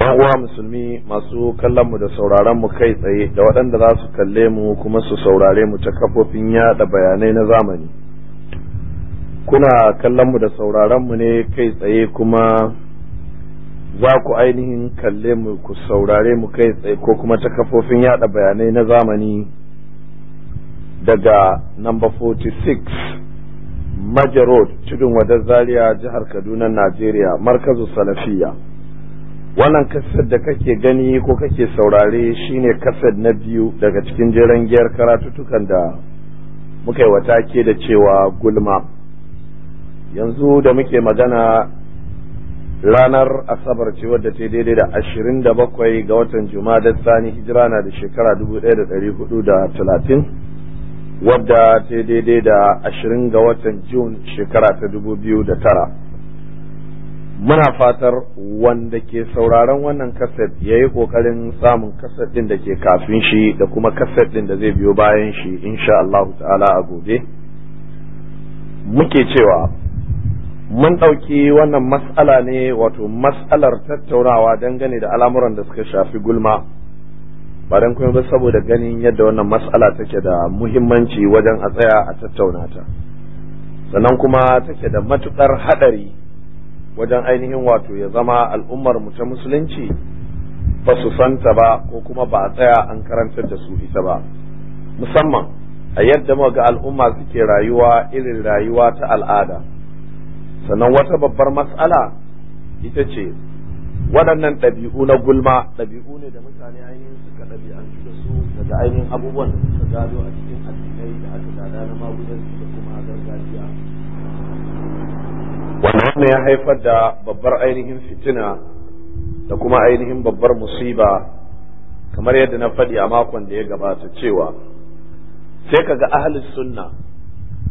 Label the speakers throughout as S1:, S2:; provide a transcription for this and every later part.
S1: yan uwa musulmi masu kallonmu da sauraronmu kai tsaye da waɗanda za su kalle mu kuma su saurare mu ta kafofin yaɗa bayanai na zamani kuna kallon mu da sauraronmu ne kai tsaye kuma za ku ainihin kalle mu ku saurare mu kai tsaye ko kuma ta kafofin yaɗa bayanai na zamani daga number 46 Major Road tudun wadar zaria jihar Kaduna Najeriya markazu salafiya wannan kasar da kake gani ko kake saurare shine kasar na biyu daga cikin jiran giyar karatutukan da muka yi ke da cewa gulma yanzu da muke magana ranar asabar ce wadda ta daidai da ashirin da bakwai ga watan juma'a sani hijira na da shekara dubu ɗaya da dari hudu da talatin wadda ta daidai da ashirin ga watan jun shekara ta dubu biyu da tara muna fatar wanda ke sauraron wannan kaset ya yi kokarin samun kaset ɗin da ke kafin shi da kuma kaset ɗin da zai biyo bayan shi insha Allah ta'ala a gobe muke cewa mun ɗauki wannan mas'ala ne wato matsalar tattaunawa dangane da al'amuran da suka shafi gulma ba don kuma ba saboda ganin yadda wannan matsala take da muhimmanci wajen a tsaya a tattauna ta sannan kuma take da matuƙar haɗari wajen ainihin wato ya zama al'ummar mu ta musulunci ba su santa ba ko kuma ba a tsaya an karantar da su ita ba musamman a yadda ga al'umma suke rayuwa irin rayuwa ta al'ada sannan wata babbar matsala ita ce waɗannan ɗabi'u na gulma ɗabi'u ne da mutane ainihin suka ɗabi'antu da su daga ainihin abubuwan da suka gado a cikin addinai da aka gada na magudanci da wanda wannan ya haifar da babbar ainihin fitina da kuma ainihin babbar musiba kamar yadda na faɗi a makon da ya gabata cewa sai kaga ahlus sunna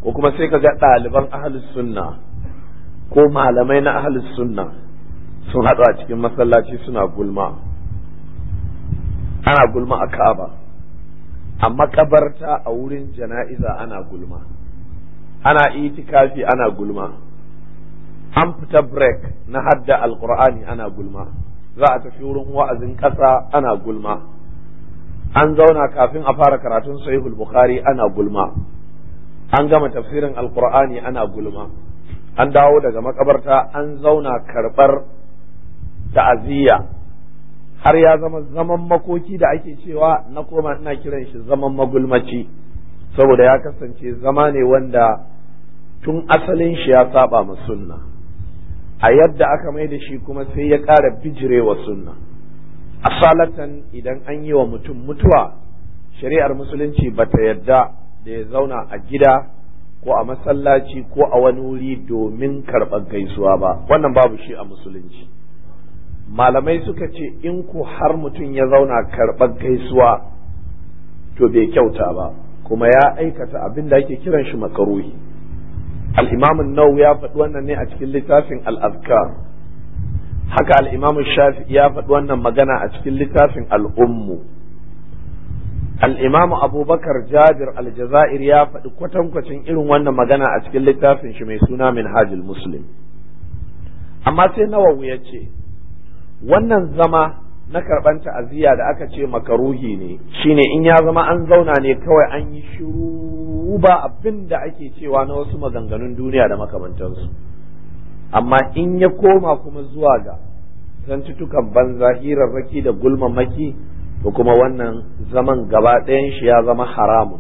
S1: ko kuma sai kaga ɗaliban ahlus sunna ko malamai na ahlus sunna sun haɗu a cikin masallaci suna gulma ana gulma a ka'aba a makabarta a wurin jana'iza ana gulma ana itikafi ana gulma an fita break na hadda alkur'ani ana gulma za a tafi wurin wa'azin ƙasa ana gulma an zauna kafin a fara karatun sahihul bukhari ana gulma an gama tafsirin alkur'ani ana gulma an dawo daga makabarta an zauna karɓar ta'aziyya har ya zama zaman makoki da ake cewa na koma ina kiran shi zaman magulmaci saboda ya kasance zama ne wanda tun asalin shi ya saba ma sunna a yadda aka mai da shi kuma sai ya ƙara bijirewa sunna asalatan idan an yi wa mutum mutuwa shari'ar musulunci ba ta yadda da ya zauna a gida ko a masallaci ko a wani wuri domin karɓar gaisuwa ba wannan babu shi a musulunci malamai suka ce in ku har mutum ya zauna karɓar gaisuwa to bai kyauta ba kuma ya aikata abin da ake kiran shi makaruhi Al'imamin Nau ya faɗi wannan ne a cikin littafin al-azkar haka Al'imamin shafi'i ya faɗi wannan magana a cikin littafin al-ummu al-imam abubakar jabir al ya faɗi kwatankwacin irin wannan magana a cikin littafin shi mai suna minhajul muslim amma sai nawa ya ce wannan zama na karɓan ta'aziyya da aka ce makaruhi ne shine in ya zama an zauna ne kawai an yi shiru ba abinda ake cewa na wasu maganganun duniya da makamantansu amma in ya koma kuma zuwa ga zantutukan banza hirarraki da maki, da kuma wannan zaman gaba ɗayan shi ya zama haramun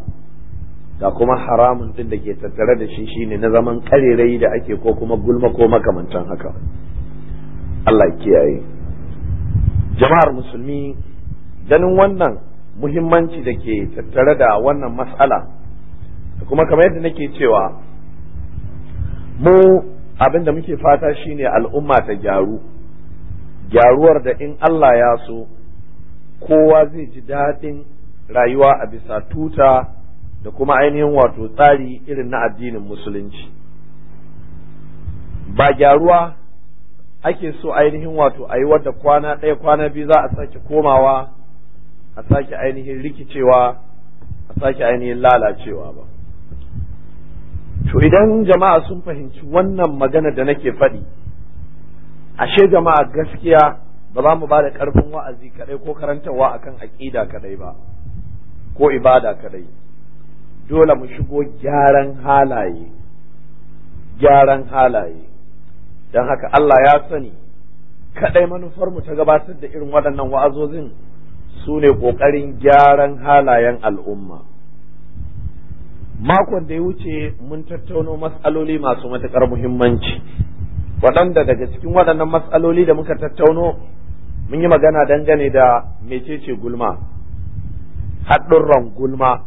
S1: ga kuma haramun ɗin da ke tattare da shi shine na zaman karerai da ake ko kuma gulma ko makamantan haka Allah kiyaye jama'ar musulmi ganin wannan muhimmanci da ke tattare da wannan matsala kuma kamar yadda nake cewa mu abin da muke fata shine al'umma ta gyaru gyaruwar da in Allah ya so kowa zai ji daɗin rayuwa a bisa tuta da kuma ainihin wato tsari irin na addinin musulunci ba gyaruwa ake so ainihin wato a yi wadda kwana ɗaya kwana biyu za a sake komawa a sake ainihin rikicewa a sake ainihin lalacewa ba to idan jama'a sun fahimci wannan magana da nake faɗi ashe jama'a gaskiya ba za mu ba da ƙarfin wa'azi kaɗai ko karantarwa akan aƙida kaɗai ba ko ibada kaɗai dole mu shigo gyaran halaye gyaran halaye don haka Allah ya sani kaɗai manufarmu ta gabatar da irin waɗannan wa'azozin su ne ƙoƙarin gyaran halayen al'umma. Makon da ya wuce mun tattauno matsaloli masu matuƙar muhimmanci, waɗanda daga cikin waɗannan matsaloli da muka tattauno mun yi magana dangane da mecece gulma, haɗurran gulma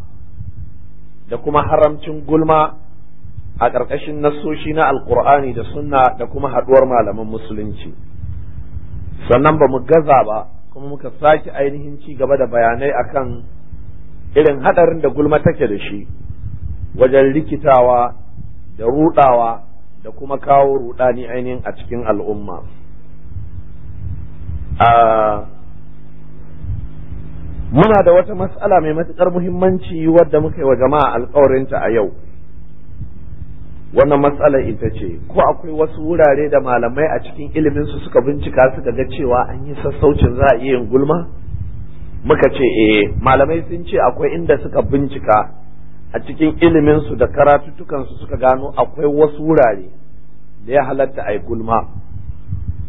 S1: da kuma haramcin gulma a ƙarƙashin nassoshi na alkur'ani da sunna da kuma haɗuwar malaman musulunci sannan ba mu gaza ba kuma muka sake ainihin ci gaba da bayanai akan irin haɗarin da gulma take da shi wajen rikitawa da ruɗawa da kuma kawo ruɗani ainihin a cikin al'umma muna da wata matsala mai matuƙar muhimmanci wadda muka yi wa jama'a alƙawarinta a yau wannan matsalar ita ce ko akwai wasu wurare da malamai a cikin ilimin su suka bincika suka ga cewa an yi sassaucin za a iya yin gulma muka ce eh malamai sun ce akwai inda suka bincika a cikin ilimin su da karatutukan su suka gano akwai wasu wurare da ya halatta a yi gulma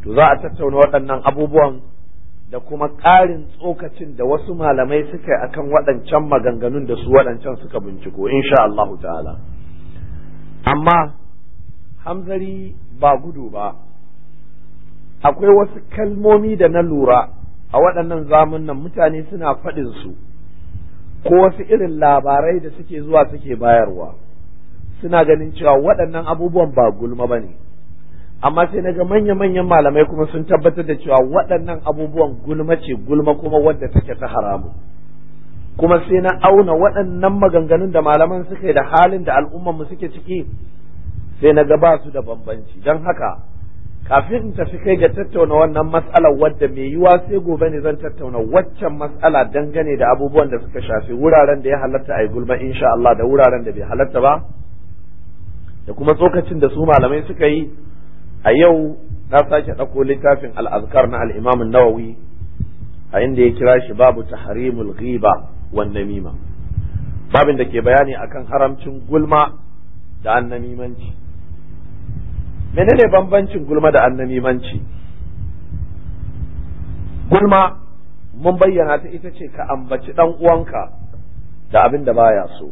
S1: to za a tattauna waɗannan abubuwan da kuma ƙarin tsokacin da wasu malamai suka yi akan waɗancan maganganun da su waɗancan suka binciko insha Allahu ta'ala amma hamzari ba gudu ba akwai wasu kalmomi da na lura a waɗannan zamunan mutane suna faɗin su ko wasu irin labarai da suke zuwa suke bayarwa suna ganin cewa waɗannan abubuwan ba gulma ba ne amma sai naga manya-manyan malamai kuma sun tabbatar da cewa waɗannan abubuwan gulma ce gulma kuma wadda take ta haramu kuma sai na auna waɗannan maganganun da malaman suke da halin da al'ummar mu suke ciki sai na ga ba su da bambanci don haka kafin in tafi kai ga tattauna wannan matsalar wadda mai yiwa sai gobe ne zan tattauna waccan matsala dangane da abubuwan da suka shafi wuraren da ya halatta a yi gulma insha Allah da wuraren da bai halatta ba da kuma tsokacin da su malamai suka yi a yau na sake ɗauko littafin al'azkar na al'imamin nawawi a inda ya kira shi babu tahrimul riba. wan namima babin da ke bayani akan haramcin gulma da annamimanci menene bambancin gulma da annamimanci gulma mun bayyana ta ita ce ka ambaci dan uwanka da abin da baya so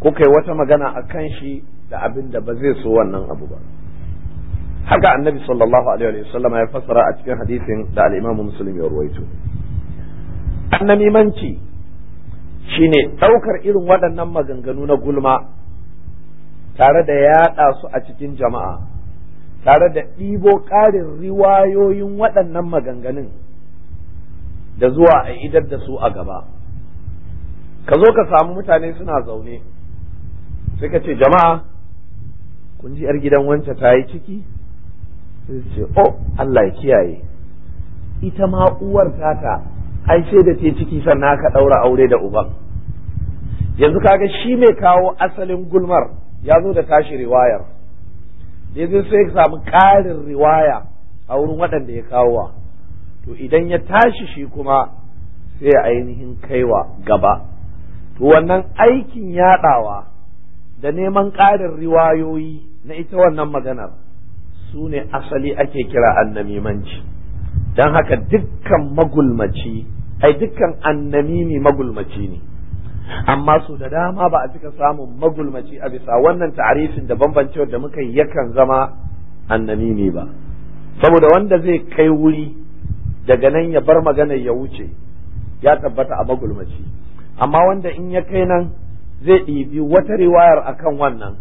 S1: ko kai wata magana a kan shi da abin da ba zai so wannan abu ba haka annabi sallallahu alaihi wa ya fassara a cikin hadisin da al-imamu muslim ya ruwaito annamimanci shine ɗaukar irin waɗannan maganganu na gulma tare da yaɗa su a cikin jama'a tare da ɗibo ƙarin riwayoyin waɗannan maganganun da zuwa a idar da su a gaba ka zo ka samu mutane suna zaune sai ce jama'a kun ji 'yar gidan wance ta yi ciki sai ce oh Allah ya kiyaye ita ma uwar tata ai da ce ciki sannan aka ɗaura aure da uban yanzu kaga shi mai kawo asalin gulmar ya zo da tashi riwayar yanzu sai samu ƙarin riwaya a wurin waɗanda ya kawo to idan ya tashi shi kuma sai ainihin kaiwa gaba to wannan aikin yaɗawa da neman ƙarin riwayoyi na ita wannan maganar su ne asali ake kira annamimanci don haka dukkan magulmaci ai dukkan annamimi magulmaci ne amma su da dama ba a cika samun magulmaci a bisa wannan ta'arifin da bambancewar da muka yi yakan zama annamimi ba saboda wanda zai kai wuri daga nan ya bar magana ya wuce ya tabbata a magulmaci amma wanda in ya kai nan zai ɗibi wata riwayar akan wannan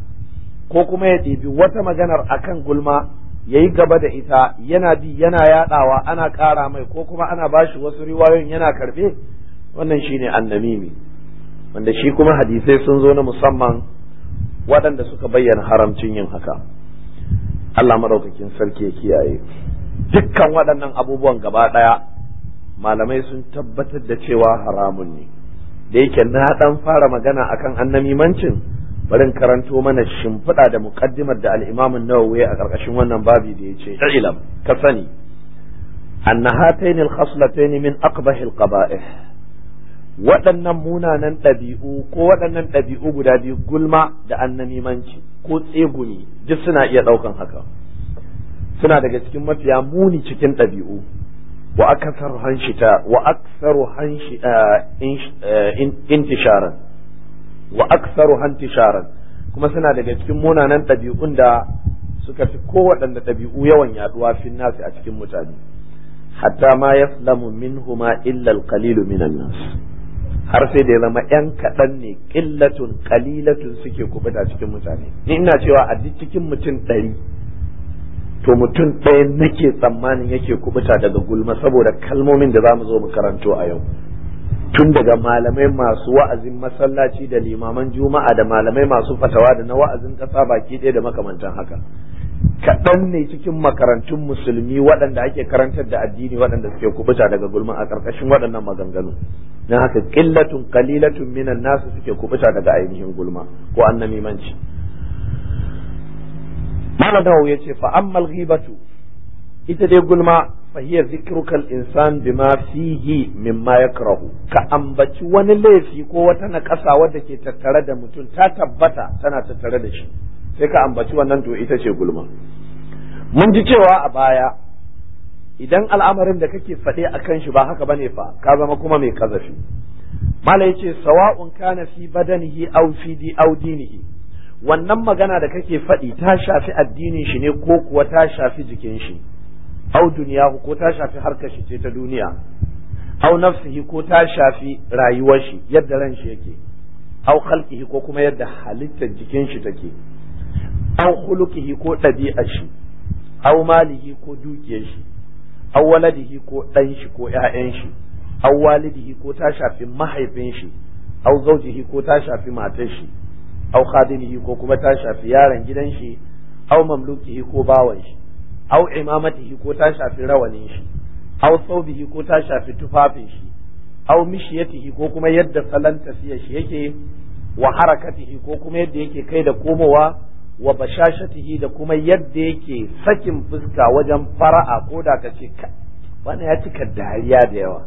S1: ko kuma ya ɗibi wata maganar akan gulma yayi gaba da ita yana bi yana yadawa ana ƙara mai ko kuma ana bashi wasu riwayoyin yana karbe wannan shine annamimi wanda shi kuma hadisai sun zo na musamman waɗanda suka bayyana haramcin yin haka Allah maɗaukakin sarki ya kiyaye dukkan waɗannan abubuwan gaba ɗaya malamai sun tabbatar da cewa haramun ne da yake na ɗan fara magana akan annamimancin barin karanto mana shimfiɗa da muƙaddimar da al-Imam an-Nawawi a ƙarƙashin wannan babi da yace ilam ka sani anna hatayn min aqbah al waɗannan munanan ɗabi'u ko waɗannan ɗabi'u guda biyu gulma da annamimanci ko tsegumi duk suna iya ɗaukan haka suna daga cikin mafiya muni cikin ɗabi'u wa aksaru hanshita wa aksaru hanshi eh, eh, intisharan wa aktsaru hantisharan kuma suna daga cikin munanan ɗabi'un da suka fi kowaɗanda ɗabi'u yawan yaduwa fi nasi a cikin mutane hatta ma yaslamu minhuma illa alqalilu minan nas har sai da ya zama yan kaɗan ne ƙillatun ƙalilatun suke kubuta cikin mutane ni ina cewa a duk cikin mutum ɗari to mutum ɗaya nake tsammanin yake kubuta daga gulma saboda kalmomin da za mu zo mu karanto a yau tun daga malamai masu wa'azin masallaci da limaman juma'a da malamai masu fatawa da na wa'azin kasa baki ɗaya da makamantan haka kaɗan ne cikin makarantun musulmi waɗanda ake karantar da addini waɗanda suke kubuta daga gulma a ƙarƙashin waɗannan maganganu na haka ƙillatun ƙalilatun minan nasu suke kubuta daga ainihin gulma ko annamimanci malam ya ce fa ammal ghibatu ita dai gulma fahiyar zikirukal insan bima fihi mimma ya ka ambaci wani laifi ko wata nakasa wadda ke tattare da mutum ta tabbata tana tattare da shi sai ka ambaci wannan to ita ce gulma mun ji cewa a baya idan al'amarin da kake faɗi a kan shi ba haka bane fa ka zama kuma mai kazafi mala yace sawa'un kana fi badanihi aw fi di aw dinihi wannan magana da kake faɗi ta shafi addinin shi ne ko kuwa ta shafi jikin shi au duniya ko ta shafi harkar shi ce ta duniya au nafsihi ko ta shafi rayuwar shi yadda ran shi yake au khalqihi ko kuma yadda halittar jikin shi take au khuluqihi ko ɗabi'a shi au malihi ko dukiyar shi au waladihi ko ɗan shi ko ƴaƴan shi au walidihi ko ta shafi mahaifin shi au zawjihi ko ta shafi matar shi au khadimihi ko kuma ta shafi yaron gidan shi au mamlukihi ko bawan shi aw imamatihi ko ta shafi rawanin shi aw thawbihi ko ta shafi tufafin shi aw mishiyatihi ko kuma yadda salon tafiya shi yake wa harakatihi ko kuma yadda yake kai da komowa wa bashashatihi da kuma yadda yake sakin fuska wajen fara'a ko da ka ce wannan ya cika dariya da yawa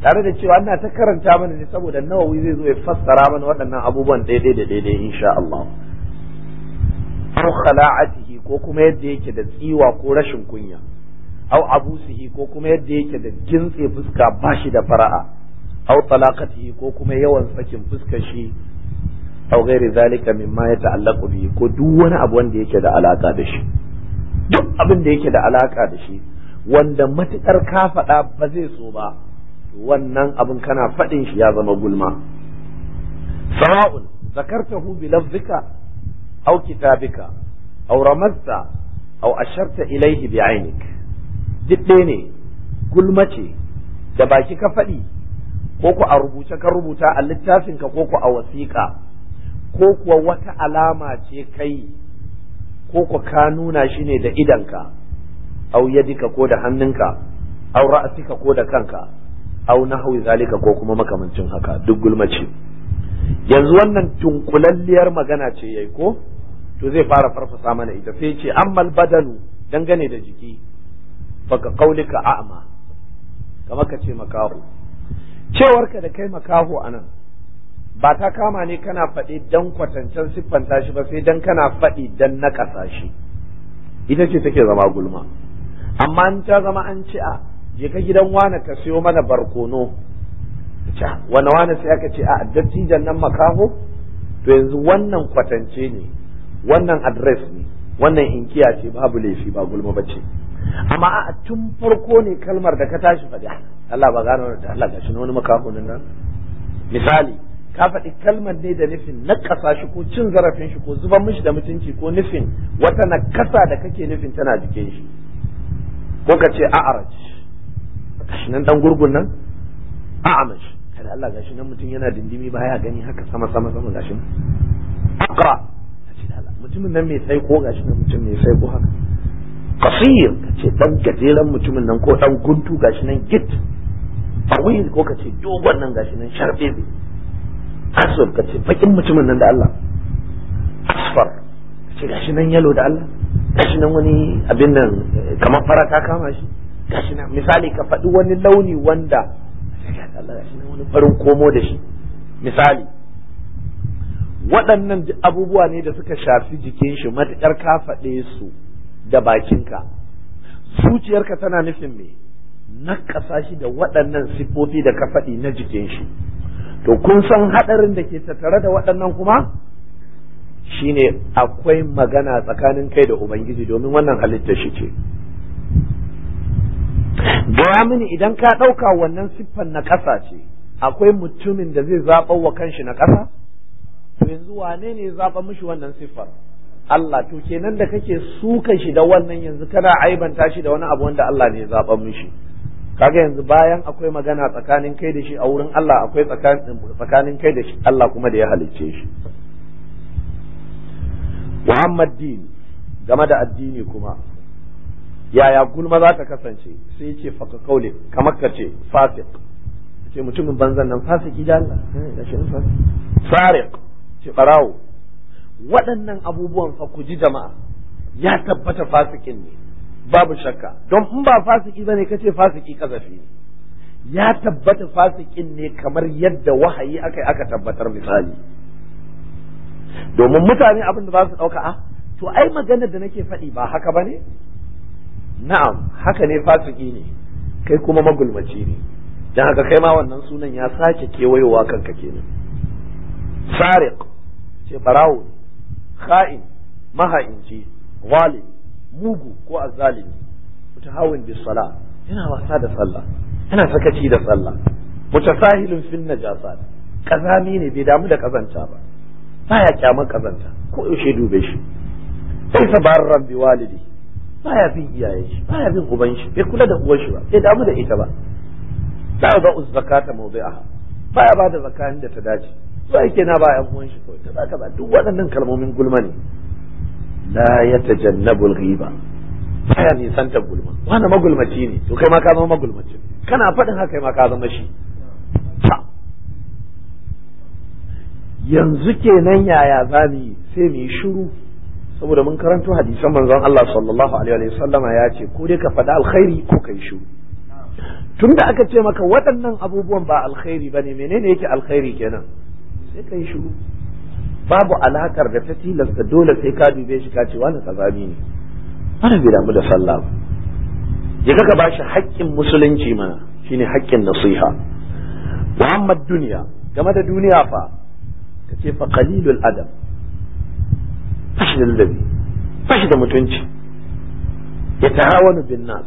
S1: tare da cewa ana ta karanta mana ne saboda nawawi zai zo ya fassara mana waɗannan abubuwan daidai da daidai insha Allah. kala'ati ko kuma yadda yake da tsiwa ko rashin kunya au abusihi ko kuma yadda yake da gintse fuska bashi da fara'a au talaqatihi ko kuma yawan sakin fuskar shi au gairi zalika mimma ya ta'allaqu bihi ko duk wani abu wanda yake da alaka da shi duk abin da yake da alaka da shi wanda matukar ka faɗa ba zai so ba wannan abin kana faɗin shi ya zama gulma sawa'un zakartahu bi lafzika au kitabika aw ramazta asharta ilaihi bi ainik duk ɗaya ne gulma ce da baki ka faɗi ko ku a rubuce ka rubuta a littafinka ko ku a wasiƙa ko kuwa wata alama ce kai ko ku ka nuna shi ne da idanka aw yadika ko da hannunka au ra'asika ko da kanka aw nahwi zalika ko kuma makamancin haka duk gulmace yanzu wannan tunkulalliyar magana ce yayi ko to zai fara farfasa mana ita sai ce ammal badanu dangane da jiki baka kaulika a'ma kamar ka ce makaho ka da kai makaho anan ba ta kama ne kana faɗi dan kwatancen siffan tashi ba sai dan kana faɗi dan na shi ita ce take zama gulma amma an ta zama an ci a je ka gidan wane ka siyo mana barkono wani wane sai aka ce a dattijan nan makaho to yanzu wannan kwatance ne wannan address ne wannan inkiya ce babu laifi ba gulma bace amma a tun farko ne kalmar da ka tashi faɗi Allah ba gano da Allah gashi wani makahunin nan misali ka faɗi kalmar ne da nufin nakasa shi ko cin zarafin shi ko zuban mishi da mutunci ko nufin wata nakasa da kake nufin tana jikin shi ko ka ce a'araj gashi nan dan gurgun nan a'amash kada Allah gashi nan mutum yana dindimi baya gani haka sama sama sama gashi aqra mutumin nan mai tsaiko gashi nan mutum mai tsaiko haka ka ce dan gajeren mutumin nan ko dan guntu gashi nan git tawil ko ka ce dogon nan gashi nan sharbe ka ce bakin mutumin nan da Allah asfar kace gashi nan yalo da Allah gashi nan wani abin nan eh, kamar ta kama shi gashi nan misali ka faɗi wani launi wanda Allah gashi nan wani farin komo da shi misali waɗannan abubuwa ne da suka shafi jikin shi matuƙar ka faɗe su da bakinka zuciyarka tana nufin me na shi da waɗannan siffofi da ka faɗi na jikin shi to kun san haɗarin da ke tattare da waɗannan kuma shine akwai magana tsakanin kai da ubangiji domin wannan halitta shi ce gaya mini idan ka ɗauka wannan siffan na ƙasa ce akwai mutumin da zai zaɓa wa kanshi na ƙasa to yanzu wane ne zaɓa mishi wannan siffar Allah to kenan da kake suka shi da wannan yanzu kana aibanta shi da wani abu wanda Allah ne zaɓa mishi kaga yanzu bayan akwai magana tsakanin kai da shi a wurin Allah akwai tsakanin kai da shi Allah kuma da ya halicce shi Muhammad din game da addini kuma yaya gulma za ta kasance sai ce faka kaule kamar ka ce fasik ce mutumin banzan nan fasiki da Allah sariq ce barawo waɗannan abubuwan fa ku ji jama'a ya tabbata fasikin ne babu shakka don in ba fasiki bane kace fasiki kazafi ya tabbata fasikin ne kamar yadda wahayi aka aka tabbatar misali domin mutane abin da za su ɗauka a ah, to ai magana da nake faɗi ba haka ba ne na'am haka ne fasiki ne kai kuma magulmaci ne dan haka kai ma wannan sunan ya sake kewayowa kanka kenan sariq ce barawo kha'in maha'inci Walidi, mugu ko azzalimi mutahawin bi sala yana wasa da sallah yana sakaci da sallah mutasahilun fil najasat kazami ne bai damu da kazanta ba baya kyamar kazanta ko yaushe dube shi sai tabarran bi walidi baya bin iyaye shi baya bin uban shi bai kula da uwan shi ba bai damu da ita ba da ga uzzakata mawdi'aha baya ba da da ta dace zuwa yake na ba yan uwan shi kawai ka ba duk waɗannan kalmomin gulma ne la yatajannabu al-ghiba ne santa gulma wani magulmaci ne to kai ma ka zama magulmaci kana faɗin haka kai ma ka zama shi yanzu kenan yaya za mu yi sai mu yi shiru saboda mun karanto hadisan manzon Allah sallallahu alaihi wa sallama ya ce ko dai ka faɗi alkhairi ko kai shiru tunda aka ce maka waɗannan abubuwan ba alkhairi bane menene yake alkhairi kenan sai ka yi shiru babu alakar da ta tilasta dole sai ka dube shi ka ce wani kazami ne wani bi damu da sallah ya kaka ka ba shi haƙƙin musulunci mana shine haƙƙin nasiha muhammad duniya game da duniya fa ka ce fa qalilul adam fashi da ladabi fashi da mutunci ya hawa bin nas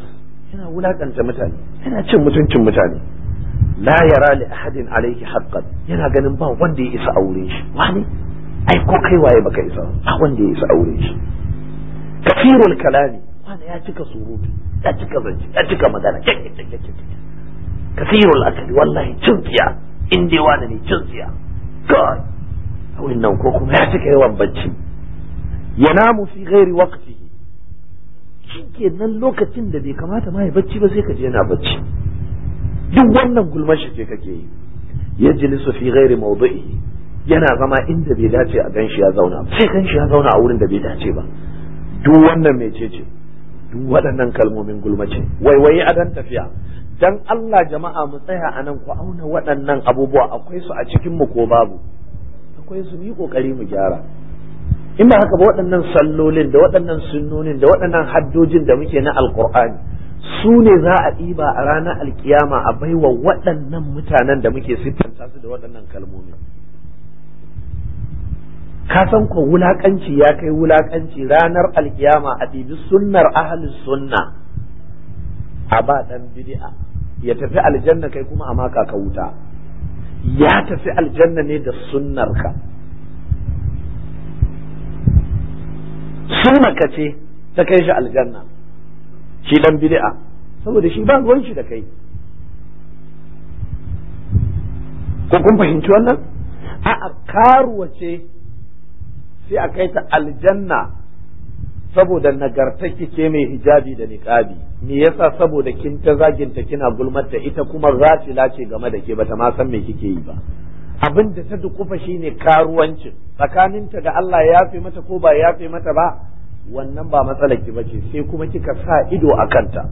S1: yana wulaƙanta mutane yana cin mutuncin mutane la yara li ahadin alayhi haqqan yana ganin ba wanda ya isa aure shi wani ai ko kai waye baka isa ba wanda ya isa aure shi kafirul kalami wani ya cika surutu ya cika zance ya cika magana kafirul akali wallahi cin tsiya in dai wani ne cin tsiya god nan ko kuma ya cika yawan bacci yanamu fi ghairi waqtihi shi nan lokacin da bai kamata ma ya bacci ba sai ka je yana bacci duk wannan gulman shi ke kake yi yajlisu fi ghairi mawdi'i yana zama inda bai dace a ganshi ya zauna sai ganshi ya zauna a wurin da bai dace ba duk wannan mecece duk waɗannan kalmomin gulmace waiwaye adan tafiya dan Allah jama'a mu tsaya a nan ku auna waɗannan abubuwa akwai su a cikin mu ko babu akwai su yi kokari mu gyara in ba haka ba waɗannan sallolin da waɗannan sunnonin da waɗannan haddojin da muke na alkur'ani su ne za a ɗiba a ranar alkiyama a baiwa waɗannan mutanen da muke siffanta su da waɗannan kalmomi ka san ko wulakanci ya kai wulakanci ranar alkiyama a ɗibi sunnar ahalin sunna a ba ɗan bid'a ya tafi aljanna kai kuma a maka ka wuta ya tafi aljanna ne da sunnarka sunnaka ce ta kai shi aljanna shi dan bid'a saboda shi ba ruwan shi da kai ko kun fahimci wannan a'a karuwa ce sai a kai ta aljanna saboda nagarta ce mai hijabi da niqabi me yasa saboda kin ta zaginta kina da ita kuma gatila ce game da ke bata ma san me kike yi ba abin da ta dukufa shine karuwancin tsakaninta da Allah ya yafe mata ko ba yafe mata ba wannan ba matsalar ki ba ce sai kuma kika sa ido a kanta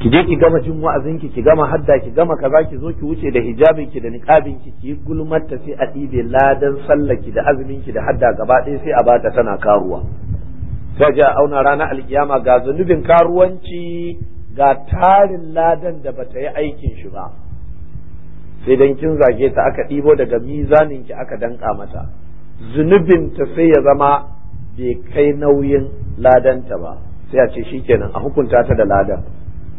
S1: ki je ki gama jin wa'azin ki ki gama hadda ki gama kaza ki zo ki wuce da hijabin ki da niqabin ki ki gulmar ta sai a ɗibe ladan sallar ki da azumin ki da hadda gaba ɗaya sai a bata tana karuwa sai ji a auna ranar alkiyama ga zunubin karuwanci ga tarin ladan da bata yi aikin shi ba sai dan kin zage ta aka ɗibo daga mizanin ki aka danka mata zunubin ta sai ya zama bai kai nauyin ladanta ba sai a ce shikenan a hukunta ta da ladan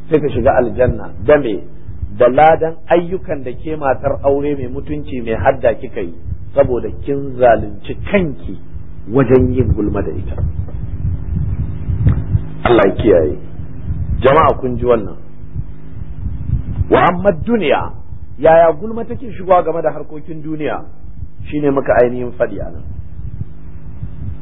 S1: sai ka shiga aljanna da me da ladan ayyukan da ke matar aure mai mutunci mai hadda kika yi saboda kin zalunci kanki wajen yin gulma da ita Allah kiyaye jama'a kun ji wannan wa amma duniya yaya gulma take shigowa game da harkokin duniya shine muka ainihin faɗi a nan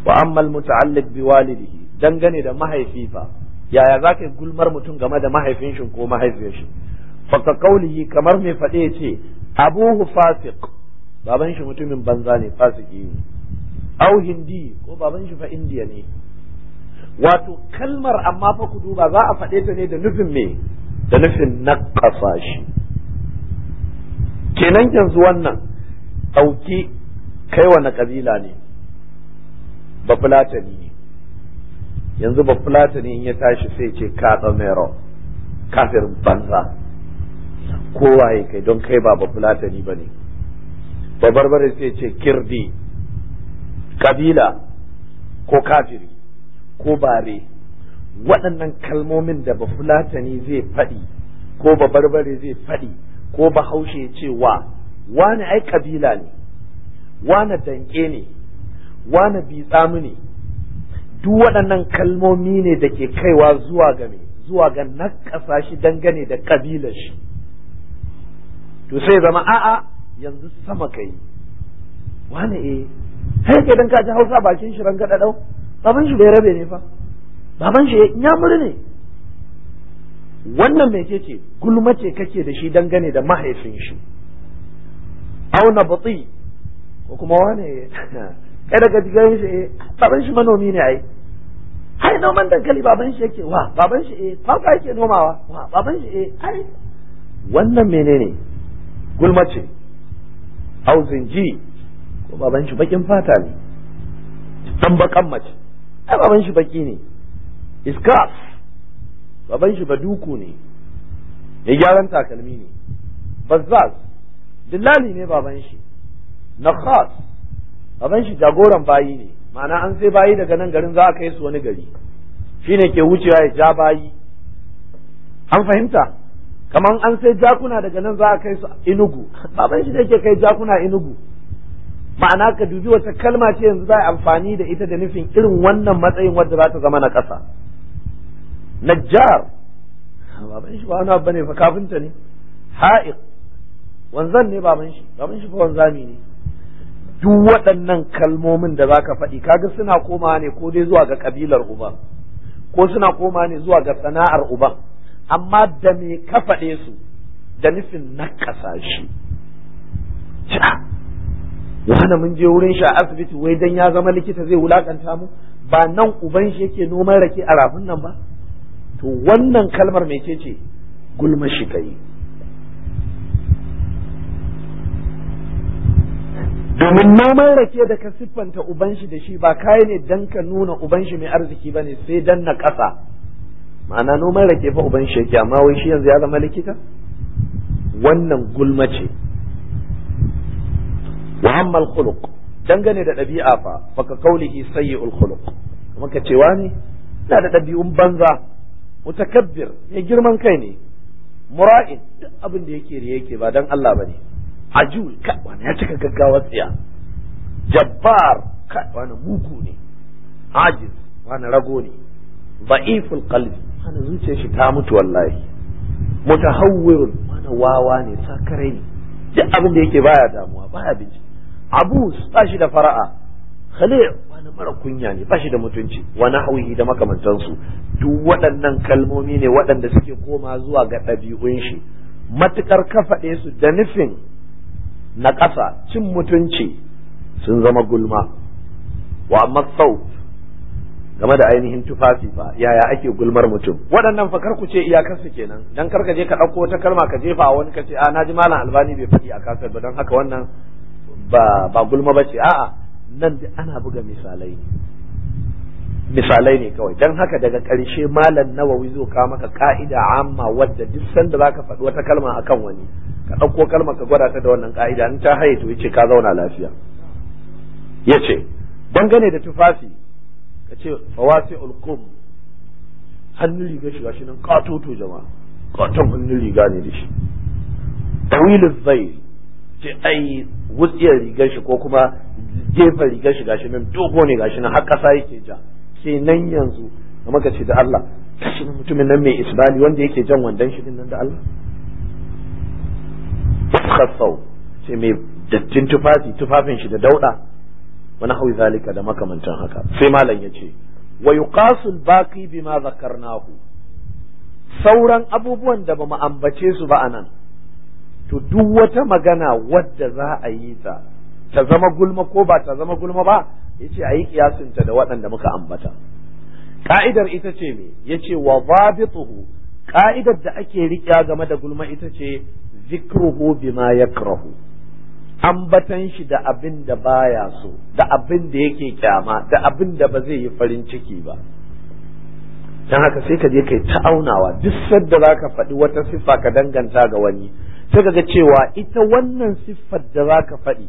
S1: wa ammal muta'alliq bi walidihi dangane da mahaifi fa yaya zaka gulmar mutum game da mahaifin shi ko mahaifiyar shi fa ka kaulihi kamar me fade yace abuhu fasiq baban shi mutumin banza ne fasiki ne au hindi ko baban shi fa indiya ne wato kalmar amma fa ku duba za a faɗe ta ne da nufin me da nufin naƙasa shi kenan yanzu wannan ɗauki kai wane ƙabila ne bafulatani ne yanzu bafulatani in ya tashi sai ce ka tsamero kafir banza
S2: ya
S1: kai don kai ba bafulatani ba ne babarbare sai ce kirdi kabila ko kafiri ko bare waɗannan kalmomin da bafulatani zai faɗi ko babarbare zai faɗi ko bahaushe ce wa wani ai kabila ne wani danke ne wani bi tsamu ne duk waɗannan kalmomi ne da ke kaiwa zuwa ga me zuwa ga nakasa shi dangane da kabilar shi to sai zama a'a yanzu sama eh, kai wani eh sai ke dan kaji Hausa bakin shi ranga da dau baban shi bai rabe ne fa baban shi ya muri ne wannan mai ce gulma ce kake da shi dangane da mahaifin shi auna batsi ko kuma wane kai daga gidan shi eh baban shi manomi ne ai ai noman dankali baban shi yake wa baban shi eh kwakwa yake nomawa wa baban shi eh ai wannan menene gulma ce ji ko baban shi bakin fata ne dan bakan mace ai baban shi baki ne iskaf baban shi baduku ne Ne gyaran takalmi ne bazzaz dillali ne baban shi nakhas baban shi jagoran bayi ne ma'ana an sai bayi daga nan garin za a kai su wani gari shine ke wucewa ya ja bayi an fahimta kamar an sai jakuna daga nan za a kai su inugu baban shi ne ke kai jakuna inugu ma'ana ka dubi wata kalma ce yanzu za a amfani da ita da nufin irin wannan matsayin wadda za ta zama na ƙasa najjar baban shi ba wani abu ne fa kafinta ne ha'iq wanzan ne baban shi baban shi fa wanzami ne duk waɗannan kalmomin da za ka faɗi kaga suna koma ne ko dai zuwa ga ƙabilar uba, ko suna koma ne zuwa ga sana'ar uba, amma da me ka faɗe su da nufin na shi wani mun je wurin shi a asibiti wai dan ya zama likita zai wulakanta mu ba nan uban shi yake noman rake a rafin nan ba to wannan kalmar mece ce gulma shi yi. domin noman rake da ka siffanta ubanshi da shi ba kai ne dan ka nuna ubanshi mai arziki ba ne sai dan na ƙasa ma'ana noman rake fa ubanshi yake amma wai shi yanzu ya zama likita wannan gulma ce wa ammal khuluq dangane da ɗabi'a fa ka kaulihi sayyi'ul khuluq kuma ka cewa ne ina da ɗabi'un banza mutakabbir ya girman kai ne mura'in duk abin da yake da yake ba dan Allah bane ajul ka wani ya cika gaggawa tsiya jabbar ka wani mugu ne ajiz wani rago ne ba'iful qalbi wani zuciyar shi ta mutu wallahi
S2: mutahawwirun
S1: wani wawa ne sakare ne duk abin da yake baya damuwa baya binci abu ba shi da fara'a khali wani mara kunya ne ba shi da mutunci wani hauhi da makamantansu duk waɗannan kalmomi ne waɗanda suke koma zuwa ga ɗabi'un shi matukar ka faɗe su da nufin na ƙasa cin mutunci sun zama gulma wa amma sau game da ainihin tufafi ba, yaya ake gulmar mutum waɗannan fa kar ku ce iyakarsu kenan dan kar ka je ka ɗauko wata kalma ka jefa wani ka ce a naji malam albani bai faɗi a kasar ba don haka wannan ba gulma ba ce a'a nan da ana buga misalai misalai ne kawai don haka daga ƙarshe malam nawawi zo ka maka ka'ida amma wadda duk sanda zaka faɗi wata kalma akan wani ka ɗauko kalmar ka gwada ta da wannan ka'ida in ta haye to yace ka zauna lafiya yace dangane da tufafi ka ce fawasi ulqum hannun riga shi gashi nan katoto jama'a katon hannun riga ne da shi tawilul zai ce ai wutsiyar rigar shi ko kuma gefen rigar shi gashi nan dogo ne gashi nan har kasa yake ja kenan yanzu da ka ce da Allah kashi mutumin nan mai isbali wanda yake jan wandan shi din nan da Allah bukha sau ce mai dattin tufafi tufafin shi da dauda wani hau zalika da makamantan haka sai malam ya ce wa yuqasu baqi bima zakarnahu sauran abubuwan da ba mu ambace su ba anan to duk wata magana wadda za a yi ta ta zama gulma ko ba ta zama gulma ba yace ayi yi ta da waɗanda muka ambata ka'idar ita ce me yace wa zabituhu ka'idar da ake riƙa game da gulma ita ce zikruhu bima yakrahu ambatan shi da abin da baya so da abin da yake kyama da abin da ba zai yi farin ciki ba don haka sai ka je kai ta'aunawa duk sadda za ka faɗi wata siffa ka danganta ga wani sai ka cewa ita wannan siffar da za ka faɗi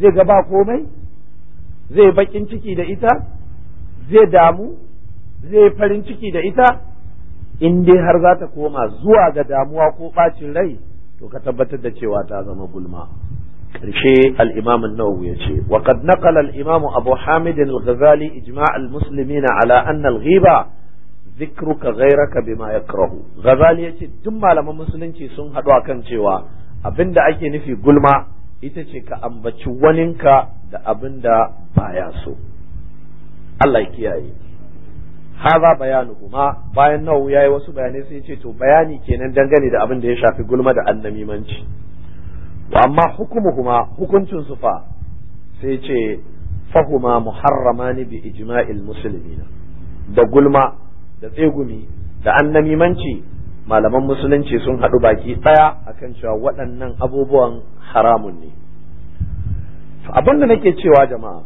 S1: zai ga ba komai zai baƙin ciki da ita zai damu zai farin ciki da ita in dai har za ta koma zuwa ga damuwa ko ɓacin rai to ka tabbatar da cewa ta zama gulma karshe al-imam an-nawawi yace wa qad naqala al-imam abu hamid al-ghazali ijma' al-muslimina ala anna al-ghiba dhikruka ghayraka bima yakrahu ghazali yace duk malaman musulunci sun hadu akan cewa abinda ake nufi gulma ita ce ka ambaci waninka da abinda baya so Allah ya kiyaye haza kuma bayan nawu yayi wasu bayanai sai ce to bayani kenan dangane da abin da ya shafi gulma da annamimanci wa amma hukumu kuma hukuncin su fa sai ce fahuma muharramani bi ijma'il muslimin da gulma da tsegumi da annamimanci malaman musulunci sun haɗu baki ɗaya akan cewa waɗannan abubuwan haramun ne abin da nake cewa jama'a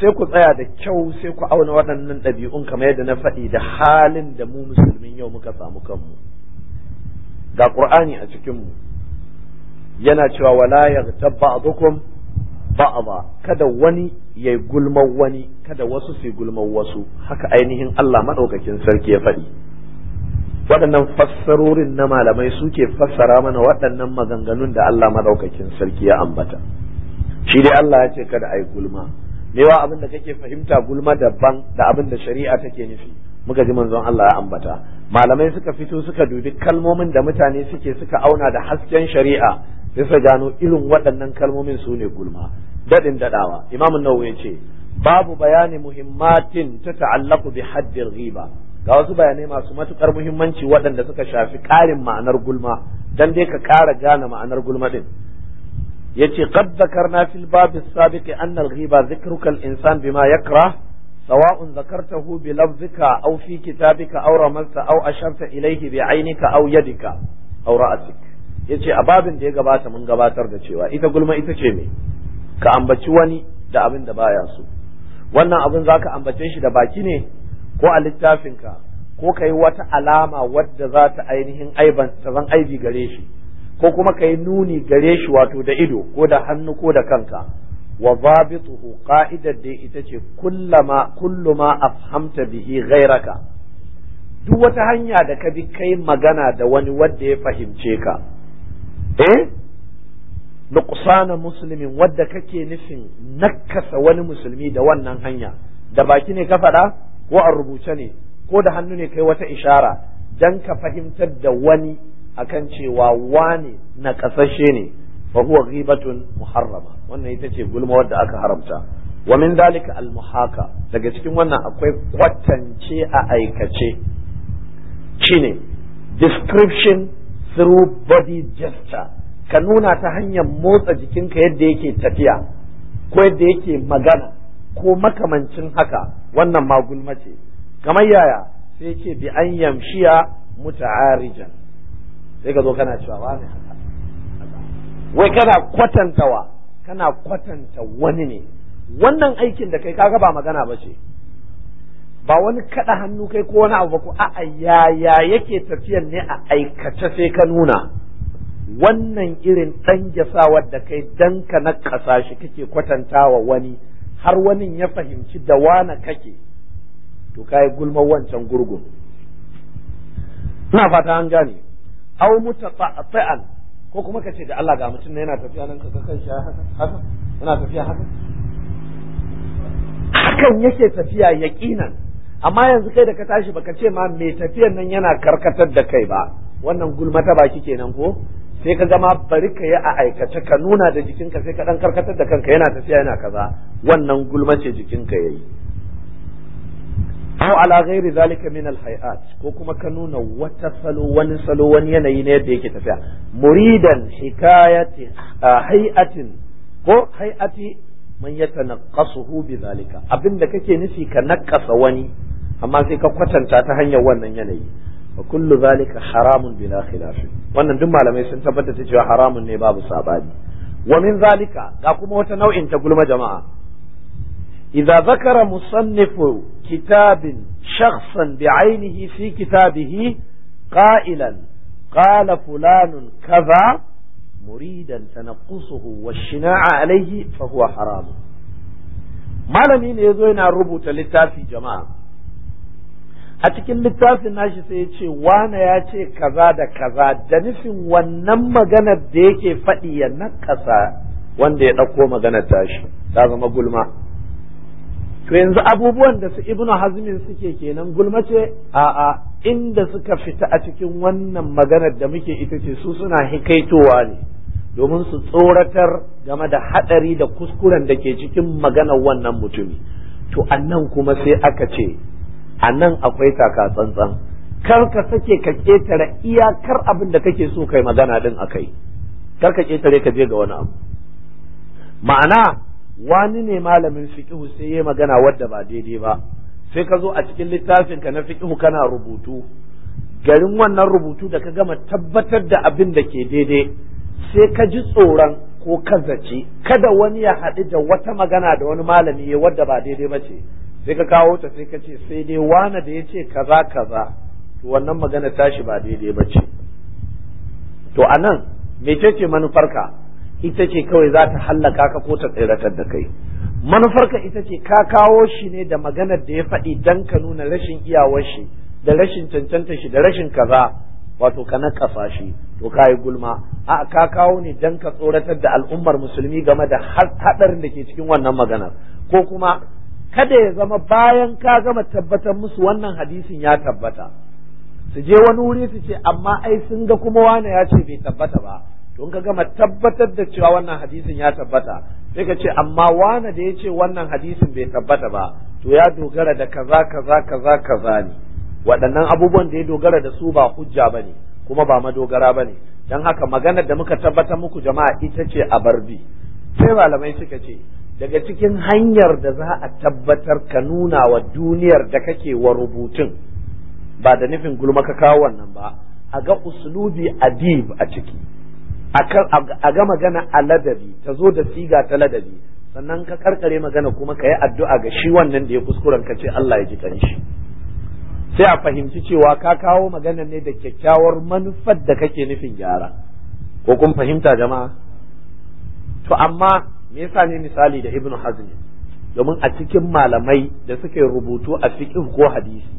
S1: sai ku tsaya da kyau sai ku auna waɗannan ɗabi'un kamar yadda na faɗi da halin da mu musulmin yau muka samu kanmu ga ƙur'ani a cikinmu yana cewa wala yaghtab ba'dukum ba'dha kada wani yayi gulman wani kada wasu su gulmar wasu haka ainihin Allah maɗaukakin sarki ya faɗi waɗannan fassarorin na malamai suke fassara mana waɗannan maganganun da Allah maɗaukakin sarki ya ambata shi dai Allah ya ce kada a yi gulma mewa abin da kake fahimta gulma daban da abin da shari'a take nufi muka ji manzon Allah ya ambata malamai suka fito suka dubi kalmomin da mutane suke suka auna da hasken shari'a sai su gano irin waɗannan kalmomin su ne gulma dadin dadawa imamu nawawi ya ce babu bayani muhimmatin ta ta'allaku bi haddil ghiba ga wasu bayanai masu matukar muhimmanci waɗanda suka shafi ƙarin ma'anar gulma dan dai ka ƙara gane ma'anar gulma din yace qad dhakarna fil bab as-sabiq anna al-ghiba dhikruka al-insan bima yakrah sawa'un dhakartahu bi lafzika aw fi kitabika aw ramalta aw asharta ilayhi bi 'aynika aw yadika aw ra'atik yace a babin da ya gabata mun gabatar da cewa ita gulma ita ce me ka ambaci wani da abin da baya so wannan abin zaka ambace shi da baki ne ko a littafinka ko kai wata alama wadda za ta ainihin aiban ta zan aibi gare shi ko kuma ka yi nuni gare shi wato da ido ko da hannu ko da kanka wa zabituhu qa'idar da ita ce kullama kulluma afhamta bihi ghayraka duk wata hanya da ka bi kai magana da wani wanda ya fahimce ka eh nuqsana muslimin wadda kake nufin nakasa wani musulmi da wannan hanya da baki ne ka faɗa ko a rubuce ne ko da hannu ne kai wata ishara dan ka fahimtar da wani akan cewa wane na kasashe ne fa huwa ghibatun muharrama wannan ita ce gulma wadda aka haramta wa min dalika al muhaka daga cikin wannan akwai kwatance a aikace shine description through body gesture ka nuna ta hanyar motsa jikinka yadda yake tafiya ko yadda yake magana ko makamancin haka wannan ma gulma ce kamar yaya sai ce bi an yamshiya muta'arijan sai ka zo kana cewa wani haka wai kana kwatantawa kana kwatanta wani ne wannan aikin da kai kaga ba magana ba ce ba wani kada hannu kai ko wani abu ko a'a yaya yake tafiyan ne a aikace sai ka nuna wannan irin dan jasawar da kai dan ka na kasashe kake kwatantawa wani har wani ya fahimci da wana kake to kai gulma wancan gurgun ina fata an gane aw mutata'an ko kuma ka ce da Allah ga mutum yana tafiya nan kaga kan shi haka yana tafiya haka hakan yake tafiya yaqinan amma yanzu kai da ka tashi baka ce ma mai tafiyan nan yana karkatar da kai ba wannan gulma ta baki kenan ko sai ka zama bari ka yi a aikace ka nuna da jikinka sai ka dan karkatar da kanka yana tafiya yana kaza wannan gulma ce jikinka yayi aw ala ghairi zalika min al hayat ko kuma ka nuna wata salo wani salo wani yanayi ne yadda yake tafiya muridan hikayati hay'atin ko hay'ati man yatanaqqasuhu bi zalika abinda kake nufi ka nakasa wani amma sai ka kwatanta ta hanyar wannan yanayi wa kullu zalika haramun bila khilaf wannan duk malamai sun tabbatar da cewa haramun ne babu sabani wa min zalika ga kuma wata nau'in ta gulma jama'a إذا ذكر مصنف كتاب شخصا بعينه في كتابه قائلا قال فلان كذا مريدا تنقصه والشناع عليه فهو حرام ما لم يزوين الربو تلتافي جماعة أتكن لتافي ناشي سيتشي وانا ياتي كذا دا كذا دنفي ونما غنب ديكي فأي نكسا وان دي نقوم غنب تاشي لازم أقول ما to yanzu abubuwan da su ibnu hazmin suke kenan gulma gulmace a'a inda suka fita a cikin wannan maganar da muke ita ce su suna hikaitowa ne domin su tsoratar game da hadari da kuskuren da ke cikin maganar wannan mutumi to annan kuma sai aka ce annan akwai taka tsantsan kar ka sake ka ketare iyakar abin da kake so kai magana din akai kar ka ketare ka je ga wani abu ma'ana wani ne malamin fiqhu sai yayi magana wadda ba daidai ba sai ka zo a cikin littafin ka na fiqhu kana rubutu garin wannan rubutu da ka gama tabbatar da abin da ke daidai sai ka ji tsoron ko kazace kada wani ya haɗu da wata magana da wani malami ya wadda ba daidai ba ce sai ka kawo ta sai ka ce sai dai wani da ya ce kaza kaza to wannan magana tashi ba daidai ba ce to anan nan mecece manufarka ita ce kawai za ta hallaka ka ko ta tsiratar da kai manufarka ita ce ka kawo shi ne da maganar da ya faɗi dan ka nuna rashin iyawar shi da rashin cancanta shi da rashin kaza wato ka nakasa shi to ka yi gulma a ka kawo ne dan ka tsoratar da al'ummar musulmi game da haɗarin da ke cikin wannan maganar ko kuma kada ya zama bayan ka gama tabbatar musu wannan hadisin ya tabbata su je wani wuri su ce amma ai sun ga kuma wane ya ce bai tabbata ba to ka gama tabbatar da cewa wannan hadisin ya tabbata sai ka ce amma wane da ya ce wannan hadisin bai tabbata ba to ya dogara da kaza kaza kaza kaza ne waɗannan abubuwan da ya dogara da su ba hujja ba ne kuma ba madogara ba ne don haka maganar da muka tabbatar muku jama'a ita ce a barbi sai malamai suka ce daga cikin hanyar da za a tabbatar ka nuna wa duniyar da kake wa rubutun ba da nufin gulma ka kawo wannan ba a ga uslubi adib a ciki a ga magana a ladabi ta zo da siga ta ladabi sannan ka karkare magana kuma ka yi addu'a ga shi wannan da ya kuskuren ka ce Allah ya ji kanshi sai a fahimci cewa ka kawo magana ne da kyakkyawar manufar da kake nufin gyara ko kun fahimta jama'a to amma me yasa ne misali da ibnu hazm domin a cikin malamai da suka rubutu a fiqh ko hadisi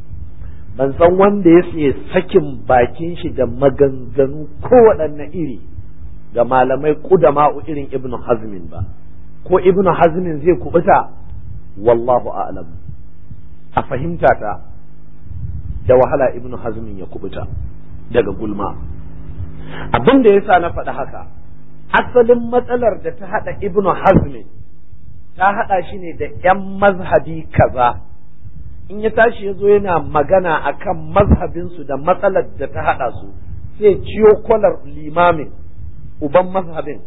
S1: ban san wanda ya sakin bakin shi da maganganu ko waɗanne iri ga malamai ƙudama'u irin ibnu hazmin ba ko ibnu hazmin zai kubuta wallahu a'lam a fahimta ta da wahala ibnu hazmin ya kubuta daga gulma abin da yasa na faɗi haka asalin matsalar da ta haɗa ibnu hazmin ta haɗa shi ne da ‘yan mazhabi kaza in ya tashi ya zo yana magana akan mazhabinsu da matsalar da ta haɗa su sai ciyo kwalar limamin uban mazhabin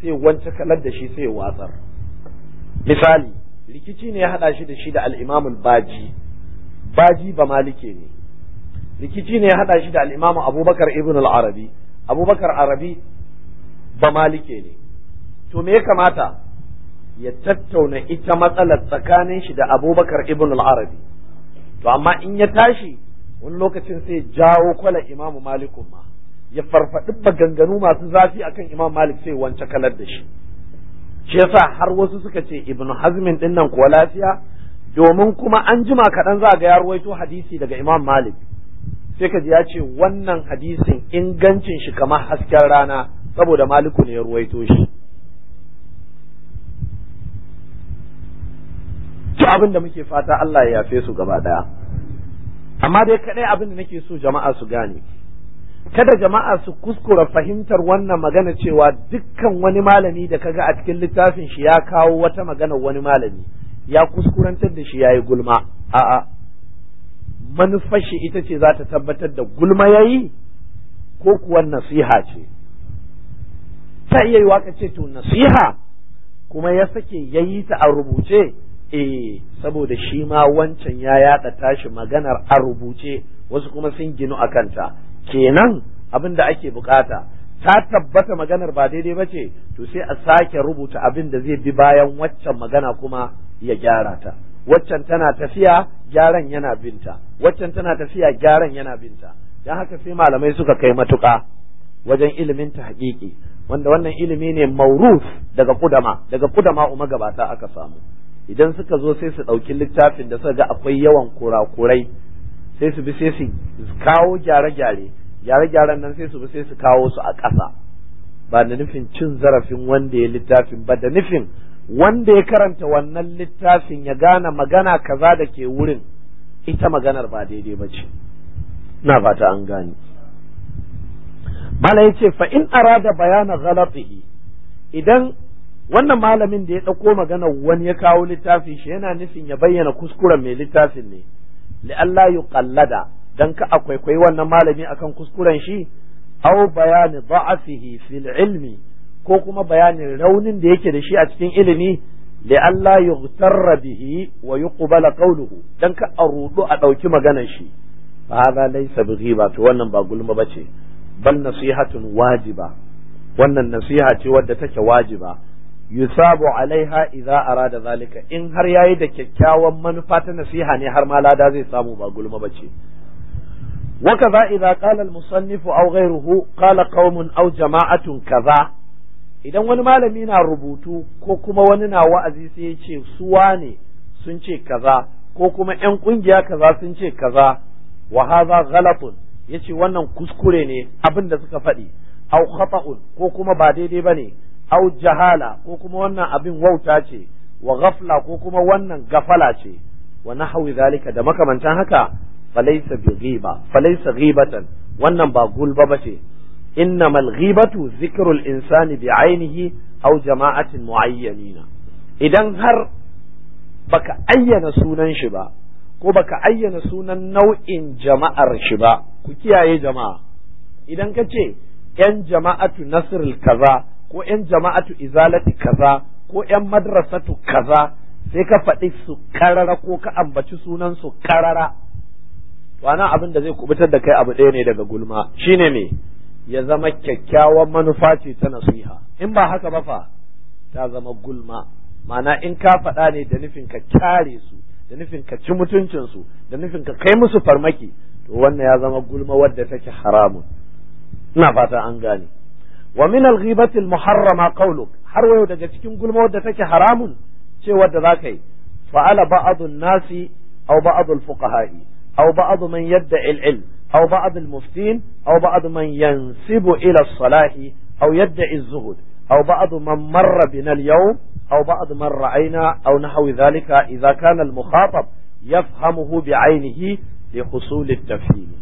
S1: sai wance kalar da shi sai watsar misali rikici ne ya hada shi da shi da al baji baji ba malike ne rikici ne ya hada shi da al abubakar ibn al-arabi abubakar arabi ba malike ne to me ya kamata ya tattauna ita matsalar tsakanin shi da abubakar ibn al-arabi to amma in ya tashi wani lokacin sai jawo kwala imamu malikun ma ya farfaɗi maganganu masu zafi akan imam malik sai wance kalar da shi shi yasa har wasu suka ce ibnu hazmin din nan kuwa lafiya domin kuma an jima kaɗan za ga ya ruwaito hadisi daga imam malik sai ka ji ya ce wannan hadisin ingancin shi kamar hasken rana saboda maliku ne ya ruwaito shi to abin da muke fata Allah ya yafe su gaba ɗaya. amma dai kaɗai abin da nake so jama'a su gane kada jama'a su kuskura fahimtar wannan magana cewa dukkan wani malami da kaga a cikin littafin shi ya kawo wata magana wani malami ya kuskurantar da shi yayi gulma a'a manufar ita ce za ta tabbatar da gulma yayi ko kuwa nasiha ce ta iya yiwa waka ce to nasiha kuma ya sake yayi ta a rubuce eh saboda shi ma wancan ya yada tashi maganar a rubuce wasu kuma sun ginu a kanta kenan abin da ake bukata ta tabbata maganar ba daidai ba ce to sai a sake rubuta abin da zai bi bayan waccan magana kuma ya gyara ta waccan tana tafiya gyaran yana binta waccan tana tafiya gyaran yana binta don haka sai malamai suka kai matuka wajen ilimin ta haƙiƙi wanda wannan ilimi ne mauruf daga kudama daga kudama uma gabata aka samu idan suka zo sai su ɗauki littafin da suka ga akwai yawan kurakurai sai su bi sai su kawo gyare-gyare gyare-gyaren nan sai su bi sai su kawo su a ƙasa ba da nufin cin zarafin wanda ya littafin ba da nufin wanda ya karanta wannan littafin ya gane magana kaza da ke wurin ita maganar ba daidai ba ce na fata an gane Bala ya ce in arada bayana ghalatihi idan wannan malamin da ya ɗauko maganar wani ya kawo littafin shi yana nufin ya bayyana kuskuren mai littafin ne li'alla yuqallada dan ka akwai kwai wannan malami akan kuskuren shi au bayani da'afihi fil ko kuma bayanin raunin da yake da shi a cikin ilimi li'alla yughtarra bihi wa yuqbala qawluhu dan ka a rudu a ɗauki maganar shi hada laysa bighiba to wannan ba gulma bace bal nasihatun wajiba wannan nasiha ce wadda take wajiba yusabu alaiha idza arada zalika in har yayi da kyakkyawan manufa ta nasiha ne har ma lada zai samu ba gulma bace wa kaza idza qala al musannif aw ghayruhu qala qaumun aw jama'atun kaza idan wani malami na rubutu ko kuma wani na wa'azi sai ya ce su wane sun ce kaza ko kuma yan kungiya kaza sun ce kaza wa hadha ghalatun yace wannan kuskure ne abin da suka faɗi aw khata'un ko kuma ba daidai bane au jahala ko kuma wannan abin wauta ce wa ghafla ko kuma wannan gafala ce wa nahwi zalika da makamantan haka falaysa bi ghiba falaysa ghibatan wannan ba gulba bace innamal ghibatu zikrul insani bi ainihi aw jama'atin muayyanina idan har baka ayyana sunan shi ba ko baka ayyana sunan nau'in jama'ar shi ba ku kiyaye jama'a idan ka ce yan jama'atu nasrul kaza ko yan jama'atu izalati kaza ko yan madrasatu kaza sai ka faɗi su karara ko ka ambaci sunan su karara to ana abin da zai kubutar da kai abu ɗaya ne daga gulma shine me ya zama kyakkyawan manufa ce ta nasiha in ba haka ba fa ta zama gulma mana in ka faɗa ne da nufin ka kyare su da nufin ka ci mutuncinsu da nufin ka kai musu farmaki to wannan ya zama gulma wadda take haramun ina fata an gane ومن الغيبة المحرمة قولك حروة يودجتكم قل ما ودتك حرام شيء ود ذاك فعل بعض الناس أو بعض الفقهاء أو بعض من يدعي العلم أو بعض المفتين أو بعض من ينسب إلى الصلاة أو يدعي الزهد أو بعض من مر بنا اليوم أو بعض من رأينا أو نحو ذلك إذا كان المخاطب يفهمه بعينه لحصول التفهيم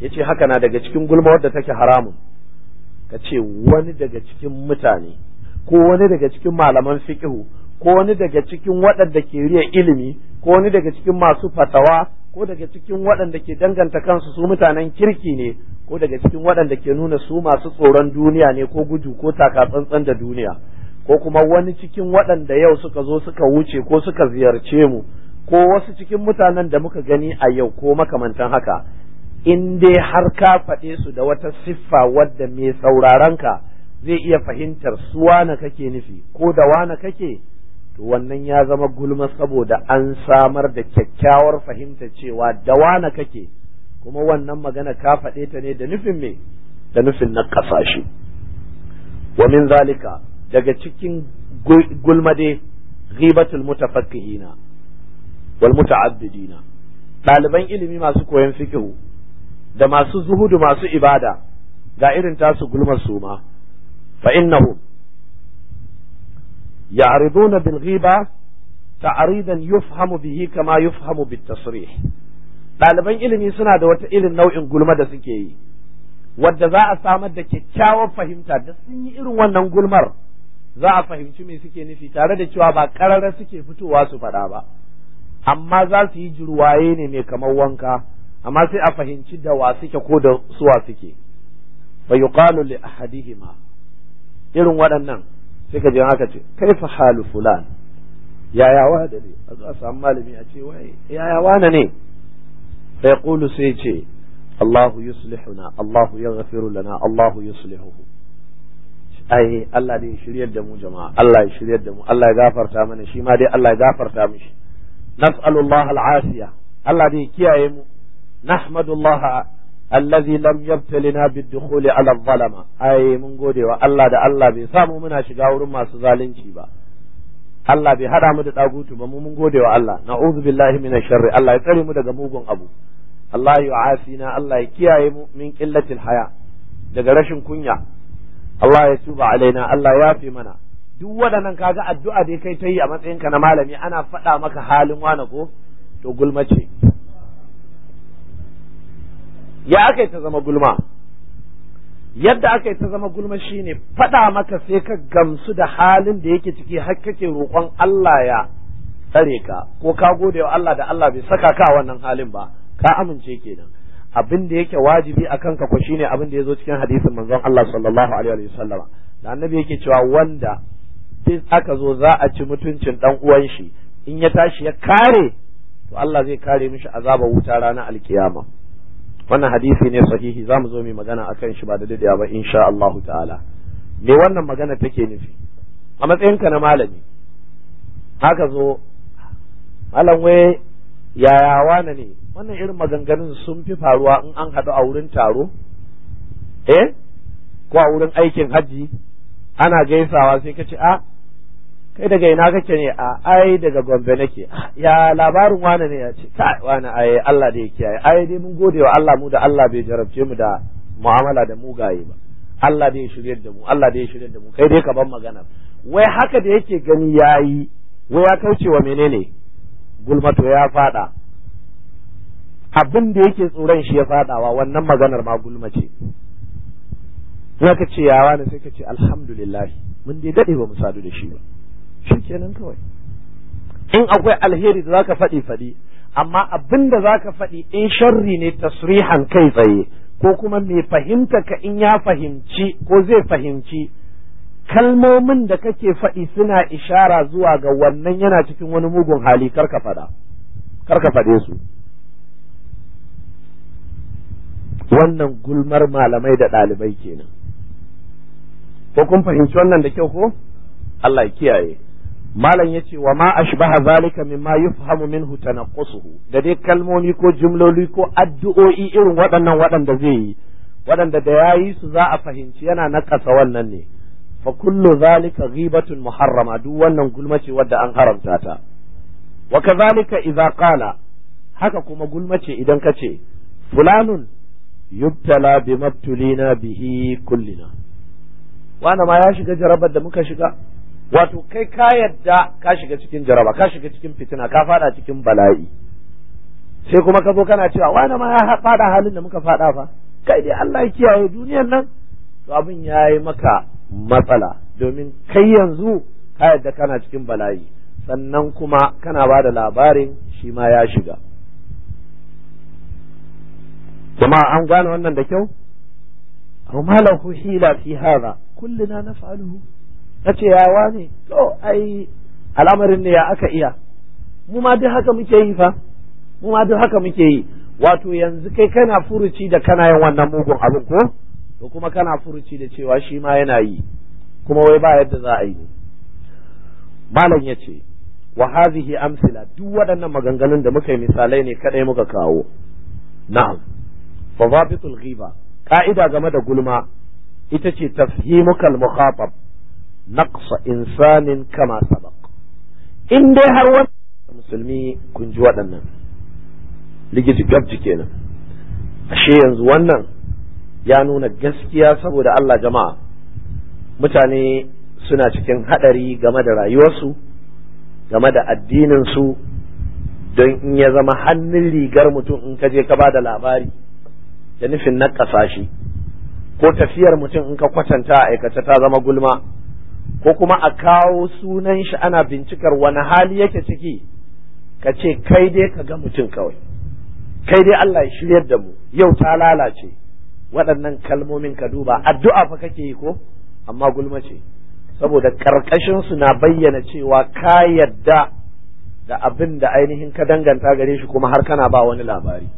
S1: يتي هكذا دقيتكم قل ما ودتك حرام حرام ka ce wani daga cikin mutane ko wani daga cikin malaman fiqhu ko wani daga cikin waɗanda ke riya ilimi ko wani daga cikin masu fatawa ko daga cikin waɗanda ke danganta kansu su mutanen kirki ne ko daga cikin waɗanda ke nuna su masu tsoron duniya ne ko gudu ko taka tsantsan da duniya ko kuma wani cikin waɗanda yau suka zo suka wuce ko suka ziyarce mu ko wasu cikin mutanen da muka gani a yau ko makamantan haka in dai har ka faɗe su da wata siffa wadda mai sauraronka zai iya fahimtar su wane kake nufi ko da wane kake to wannan ya zama gulma saboda an samar da kyakkyawar fahimta cewa da wane kake kuma wannan magana ka faɗe ta ne da nufin me da nufin na ƙasashe. wa min zalika daga cikin gulma dai ghibatul mutafakkihina wal muta'addidina ɗaliban ilimi masu koyon fikihu da masu zuhudu masu ibada ga irin tasu gulmar su ma fa innahu ya'riduna bil ghiba ta'ridan yufhamu bihi kama yufhamu bit tasrih Daliban ilimi suna da wata irin nau'in gulma da suke yi wadda za a samar da kyakkyawar fahimta da sun yi irin wannan gulmar za a fahimci me suke nufi tare da cewa ba ƙararra suke fitowa su faɗa ba amma za su yi jirwaye ne mai kamar wanka amma sai a fahimci da wa suke ko da suwa suke fa yuqalu li ahadihima irin waɗannan sai ka je haka ce kaifa halu fulan yaya wa da ne a zo a samu malami a ce wai yaya wane ne fa yaqulu sai ce Allahu na Allahu ya yaghfiru lana Allahu yuslihuhu ai Allah ne shiryar da mu jama'a Allah ya shiryar da mu Allah ya gafarta mana shi ma dai Allah ya gafarta mishi nas'alullahi al'asiya Allah ne kiyaye mu نحمد الله الذي لم يبتلنا بالدخول على الظلمة أي من قولي والله دا الله بيسامو منا شقاور ما سزالين شيبا Allah bai haɗa mu da dagutu ba mu mun gode wa Allah na'udhu billahi sharri Allah ya tsare mu daga mugun abu Allah na Allah ya kiyaye mu min qillatil haya daga rashin kunya
S2: Allah ya tuba alaina Allah ya
S1: fi mana duk waɗannan kaga addu'a da kai ta yi a matsayinka na malami ana faɗa maka halin wane ko to gulmace ya aka yi ta zama gulma yadda aka yi ta zama gulma shine faɗa maka sai ka gamsu da halin da yake ciki har kake roƙon Allah ya tsare ka ko ka gode wa Allah da Allah bai saka ka wannan halin ba ka amince kenan abin da yake wajibi a kanka ko shine abin da zo cikin hadisin manzon Allah sallallahu alaihi wa sallam da annabi yake cewa wanda duk aka zo za a ci mutuncin dan uwan shi in ya tashi ya kare to Allah zai kare mishi azabar wuta ranar alkiyama wannan hadisi ne sahihi za mu zo mai magana akan shi ba da daidai ba insha Allahu ta'ala me wannan magana take nufi a ka na malami haka zo malam wai yaya wane ne wannan irin maganganun sun fi faruwa in an haɗu a wurin taro eh ko a wurin aikin hajji ana gaisawa sai ka ce a ah, kai daga ina kake ne a ai daga gombe nake ya labarin wani ne ya ce kai wani ai Allah da ya kiyaye ai dai mun gode wa Allah mu da Allah bai jarabce mu da mu'amala da mugaye ba Allah da ya shirye da mu Allah da ya shirye da mu kai dai ka ban magana wai haka da yake gani yayi wai ya kauce wa menene gulmato ya fada abin da yake tsoron shi ya fadawa wannan maganar ma gulmace ce za ka ce sai ka ce alhamdulillah mun dai dade ba mu sadu da shi ba shi kenan kawai in akwai alheri da zaka faɗi faɗi amma abin da zaka faɗi in sharri ne tasrihan kai tsaye ko kuma mai fahimta ka in ya fahimci ko zai fahimci kalmomin da kake faɗi suna ishara zuwa ga wannan yana cikin wani mugun hali karka faɗa karka faɗe su wannan gulmar malamai da ɗalibai kenan ko kun fahimci wannan da kyau ko Allah ya kiyaye malam yace wa ma ashbaha zalika mimma yufhamu minhu tanaqqusuhu da dai kalmomi ko jumloli ko addu'o'i irin waɗannan waɗanda zai yi waɗanda da yayi su za a fahimci yana nakasa wannan ne fa kullu zalika ghibatun muharrama duk wannan gulma ce wadda an haramta ta wa kadhalika idza qala haka kuma gulma ce idan ka ce fulanun yubtala bimabtulina bihi kullina wanda ma ya shiga jarabar da muka shiga wato kai ka yadda ka shiga cikin jaraba ka shiga cikin fitina ka fada cikin bala'i sai kuma ka zo kana cewa wani ma ya fada halin da muka fada fa kai dai Allah ya kiyaye duniyar nan to abin ya yi maka matsala domin kai yanzu ka yadda kana cikin bala'i sannan kuma kana ba da labarin shi ma ya shiga jama'a an gane wannan da kyau amma lahu hila fi hadha kullina naf'aluhu na ce ya wani to ai al'amarin ne ya aka iya mu ma duk haka muke yi fa mu ma duk haka muke yi wato yanzu kai kana furuci da kana yin wannan mugun abin ko to kuma kana furuci da cewa shi ma yana yi kuma wai ba yadda za a yi malam ya ce wa hazihi amsila duk waɗannan maganganun da muka yi misalai ne kadai muka kawo na'am fa zabitul ghiba ka'ida game da gulma ita ce tafhimukal mukhatab naqsa insanin kama sabaq in dai har wani musulmi kun ji waɗannan ligiti gabji kenan ashe yanzu wannan ya nuna gaskiya saboda Allah jama'a mutane suna cikin haɗari game da rayuwarsu game da addininsu don in ya zama hannun rigar mutum in ka je ka ba da labari da nufin na ƙasashe ko tafiyar mutum in ka kwatanta a aikace ta zama gulma ko kuma a kawo sunan shi ana bincikar wani hali yake ciki ka ce kai dai ka ga mutum kawai kai dai Allah ya shiryar da mu yau ta lalace waɗannan kalmomin ka duba addu'a fa kake yi ko amma gulma ce saboda karkashin su na bayyana cewa ka yadda da abin da ainihin ka danganta gare shi kuma har kana ba wani labari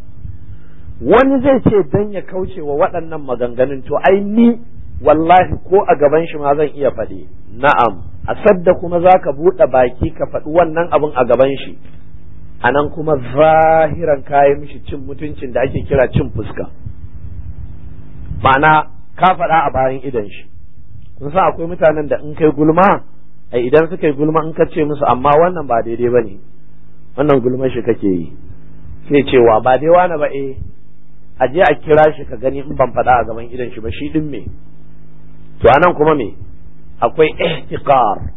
S1: wani zai ce dan ya kauce wa waɗannan maganganun to ai ni wallahi ko a gaban shi ma zan iya faɗi na'am a sadda kuma za ka buɗe baki ka faɗi wannan abin a gaban shi a nan kuma zahiran kayi mishi cin mutuncin da ake kira cin fuska ma'ana ka faɗa a bayan idan shi kun san akwai mutanen da in kai gulma a idan suka yi gulma in ka ce musu amma wannan ba daidai ba ne wannan gulma shi kake yi sai cewa ba dai wani ba eh a je a kira shi ka gani in ban faɗa a gaban idan shi ba shi ɗin me to anan kuma me akwai ihtiqar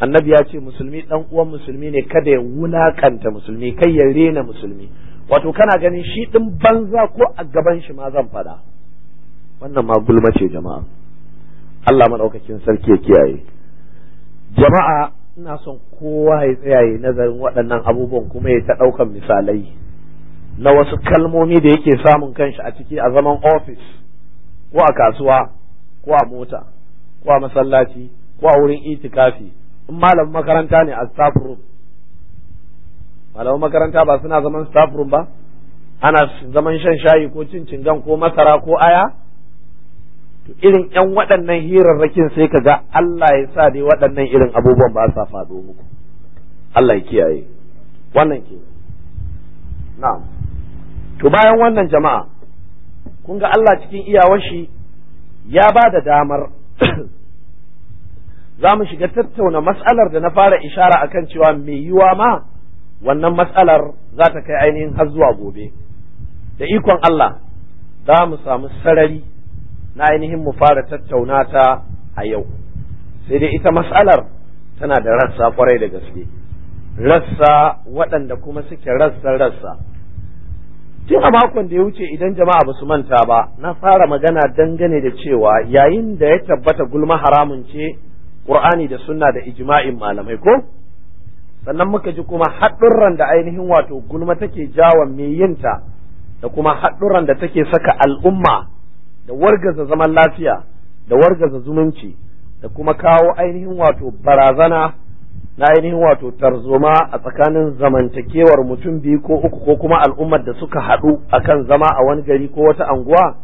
S1: annabi ya ce musulmi dan uwan musulmi ne kada ya wulakanta musulmi kai ya rena musulmi wato kana ganin shi din banza ko a gaban shi ma zan fada wannan ma gulma ce jama'a Allah madaukakin sarki ya kiyaye jama'a ina son kowa ya tsaya nazarin waɗannan abubuwan kuma ya ta ɗaukan misalai na wasu kalmomi da yake samun kanshi a ciki a zaman ofis ko a kasuwa ko a mota ko a masallaci ko a wurin itikafi in malamin makaranta ne a staff room malamin makaranta ba suna zaman staff room ba ana zaman shan shayi ko cin cingan ko masara ko aya to irin ƴan waɗannan hirarrakin sai ka ga Allah ya sa dai waɗannan irin abubuwan ba sa faɗo muku Allah ya kiyaye wannan ke na'am to bayan wannan jama'a kun ga Allah cikin shi. ya ba da damar za mu shiga tattauna mas'alar da na fara ishara a kan cewa mai yiwa ma wannan mas'alar za ta kai ainihin har zuwa gobe da ikon Allah za mu samu sarari na ainihin mu fara tattauna ta a yau sai dai ita mas'alar tana da rassa kwarai da gaske rassa waɗanda kuma suke rassa rassa tun a makon da ya wuce idan jama'a ba su manta ba na fara magana dangane da cewa yayin da ya tabbata gulma haramun ce qur'ani da sunna da ijma'in malamai ko sannan muka ji kuma haɗurran da ainihin wato gulma take jawa mai yinta da kuma haɗurran da take saka al'umma da wargaza zaman lafiya da wargaza zumunci da kuma kawo ainihin wato barazana na ainihin wato tarzoma a tsakanin zamantakewar mutum biyu ko uku ko kuma al'ummar da suka haɗu a kan zama a wani gari ko wata anguwa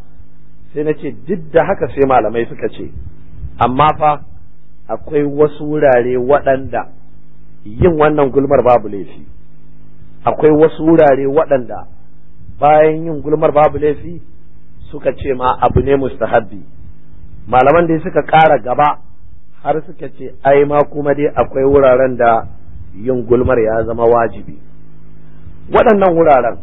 S1: sai na ce duk da haka sai malamai suka ce amma fa akwai wasu wurare waɗanda yin wannan gulmar babu laifi akwai wasu wurare waɗanda bayan yin gulmar babu laifi suka ce ma abu ne mustahabbi malaman da suka ƙara gaba har suka ce ai ma kuma dai akwai wuraren da yin gulmar ya zama wajibi waɗannan wuraren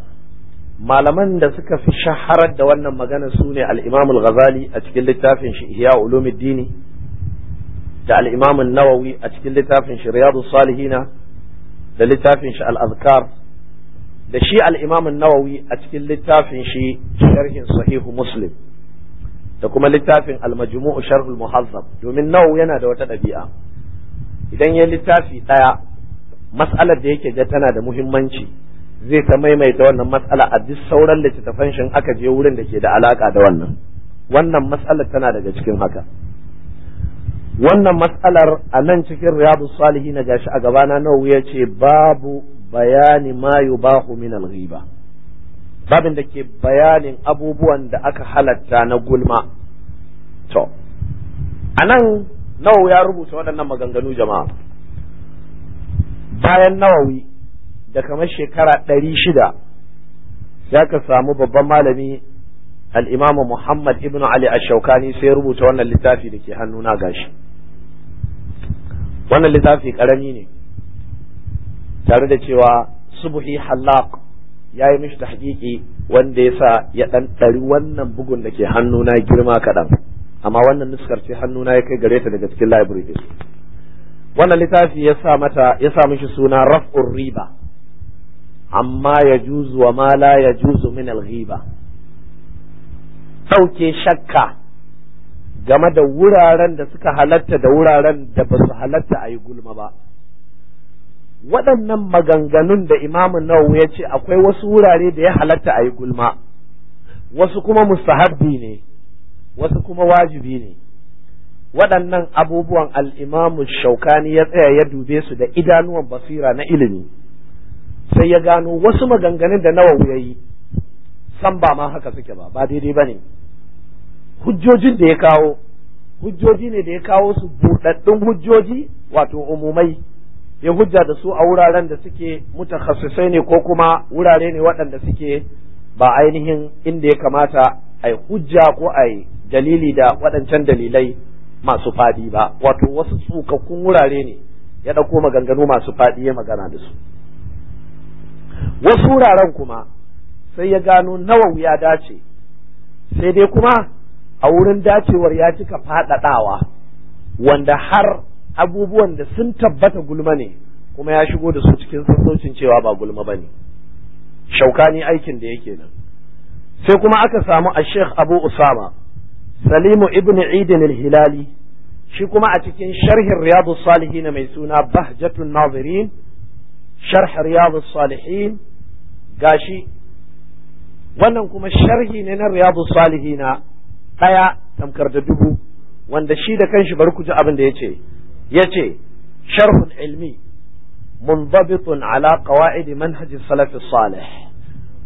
S1: malaman da suka fi shaharar da wannan magana su ne al'imam al-ghazali a cikin littafin shi ihya ulumuddini da al'imam nawawi a cikin littafin shi riyadu salihina da littafin shi al-azkar da shi al'imam nawawi a cikin littafin shi sharhin sahihu muslim da kuma littafin al-majmu'u sharh al-muhazzab domin nawa yana da wata ɗabi'a idan ya littafi ɗaya mas'alar da yake ga tana da muhimmanci zai ta maimaita wannan mas'ala a duk sauran da littattafan shin aka je wurin da ke da alaka da wannan wannan mas'alar tana daga cikin haka wannan mas'alar a nan cikin riyadu salihi na gashi a gabana na ya ce babu bayani ma yubahu min al-ghiba babin da ke bayanin abubuwan da aka halatta na gulma to a nan ya rubuta waɗannan maganganu jama'a bayan nawawi da kamar shekara ɗari shida ya ka samu babban malami al'imamu Muhammad ibn Ali shaukani sai rubuta wannan littafi da ke hannuna gashi wannan littafi ƙarami ne tare da cewa subuhi Hallaku. ya yi mishi tahqiqi wanda ya sa ya ɗanɗari wannan bugun da ke hannuna girma kaɗan amma wannan nuskar ce hannuna ya kai gare ta daga cikin library din wannan littafi ya sa mata ya sa mishi suna raf'ur riba amma ya juzu wa mala ya juzu min al sauke shakka game da wuraren da suka halatta da wuraren da ba su halatta a yi gulma ba waɗannan maganganun da imamun nawawi ya ce akwai wasu wurare da ya halatta a yi gulma wasu kuma mustahabbi ne wasu kuma wajibi ne waɗannan abubuwan al'imamu shaukani ya tsaya ya dube su da idanuwan basira na ilimi sai ya gano wasu maganganun da nawa ya yi san ba ma haka suke ba ba daidai ba ne hujjojin da ya kawo hujjoji ne da ya kawo su buɗaɗɗun hujjoji wato umumai ya hujja da su a wuraren da suke mutakhassisai ne ko kuma wurare ne waɗanda suke ba ainihin inda ya kamata a hujja ko a dalili da waɗancan dalilai masu faɗi ba wato wasu tsukakkun wurare ne ya ɗauko maganganu masu faɗi ya magana da su wasu wuraren kuma sai ya gano nawa ya dace sai dai kuma a wurin dacewar ya cika faɗaɗawa wanda har abubuwan da sun tabbata gulma ne kuma ya shigo da su cikin sassaucin cewa ba gulma ba ne shaukani aikin da yake nan sai kuma aka samu a sheikh abu usama salimu ibn idin hilali shi kuma a cikin sharhin riyadu salihin mai suna bahjatun nazirin sharh riyadu salihin gashi wannan kuma sharhi ne na riyadu salihina ɗaya tamkar da dubu wanda shi da kanshi bari ku ji abin da ya ce yace sharhun ilmi منضبط على قواعد منهج السلف الصالح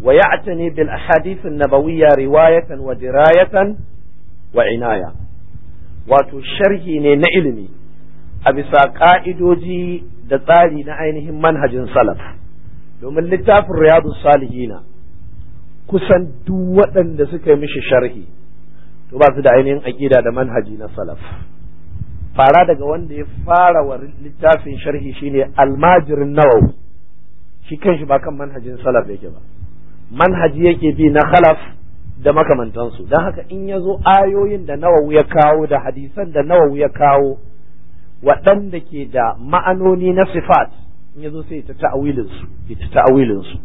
S1: ويعتني بالأحاديث النبوية رواية ودراية وعناية bisa نعلمي أبسا tsari دتالي نعينهم منهج سلف domin littafin riyadu salihina kusan duk waɗanda suka mishi sharhi to ba su da ainihin aƙida da manhaji na salaf fara daga wanda ya fara wa littafin sharhi shine almajirin nawawi shi kanshi ba kan manhajin salaf yake ba manhaji yake bi na khalaf da makamantansu don haka in ya zo ayoyin da nawawi ya kawo da hadisan da nawawi ya kawo waɗanda ke da ma'anoni na sifat in ya zo sai ta ta'awilinsu ita ta'awilinsu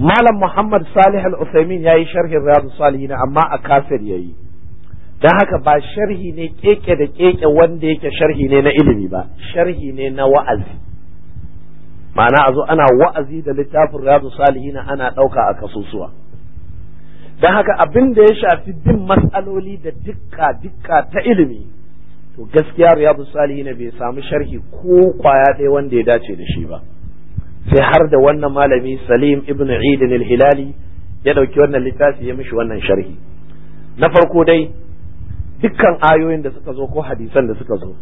S1: malam muhammad salih al-usaimin ya sharhin riyadus salihin amma a kafir yayi. don haka ba sharhi ne keke da keke wanda yake sharhi ne na ilimi ba sharhi ne na wa'azi ma'ana a zo ana wa'azi da littafin riyadu salihina ana ɗauka a kasusuwa don haka abin da ya shafi bin matsaloli da dukka dukka ta ilimi to gaskiya riyadu salihina bai samu sharhi ko kwaya ɗaya wanda ya dace da shi ba sai har da wannan malami salim ibn idin hilali ya ɗauki wannan littafi ya mishi wannan sharhi na farko dai dukkan ayoyin da suka zo ko hadisan da suka zo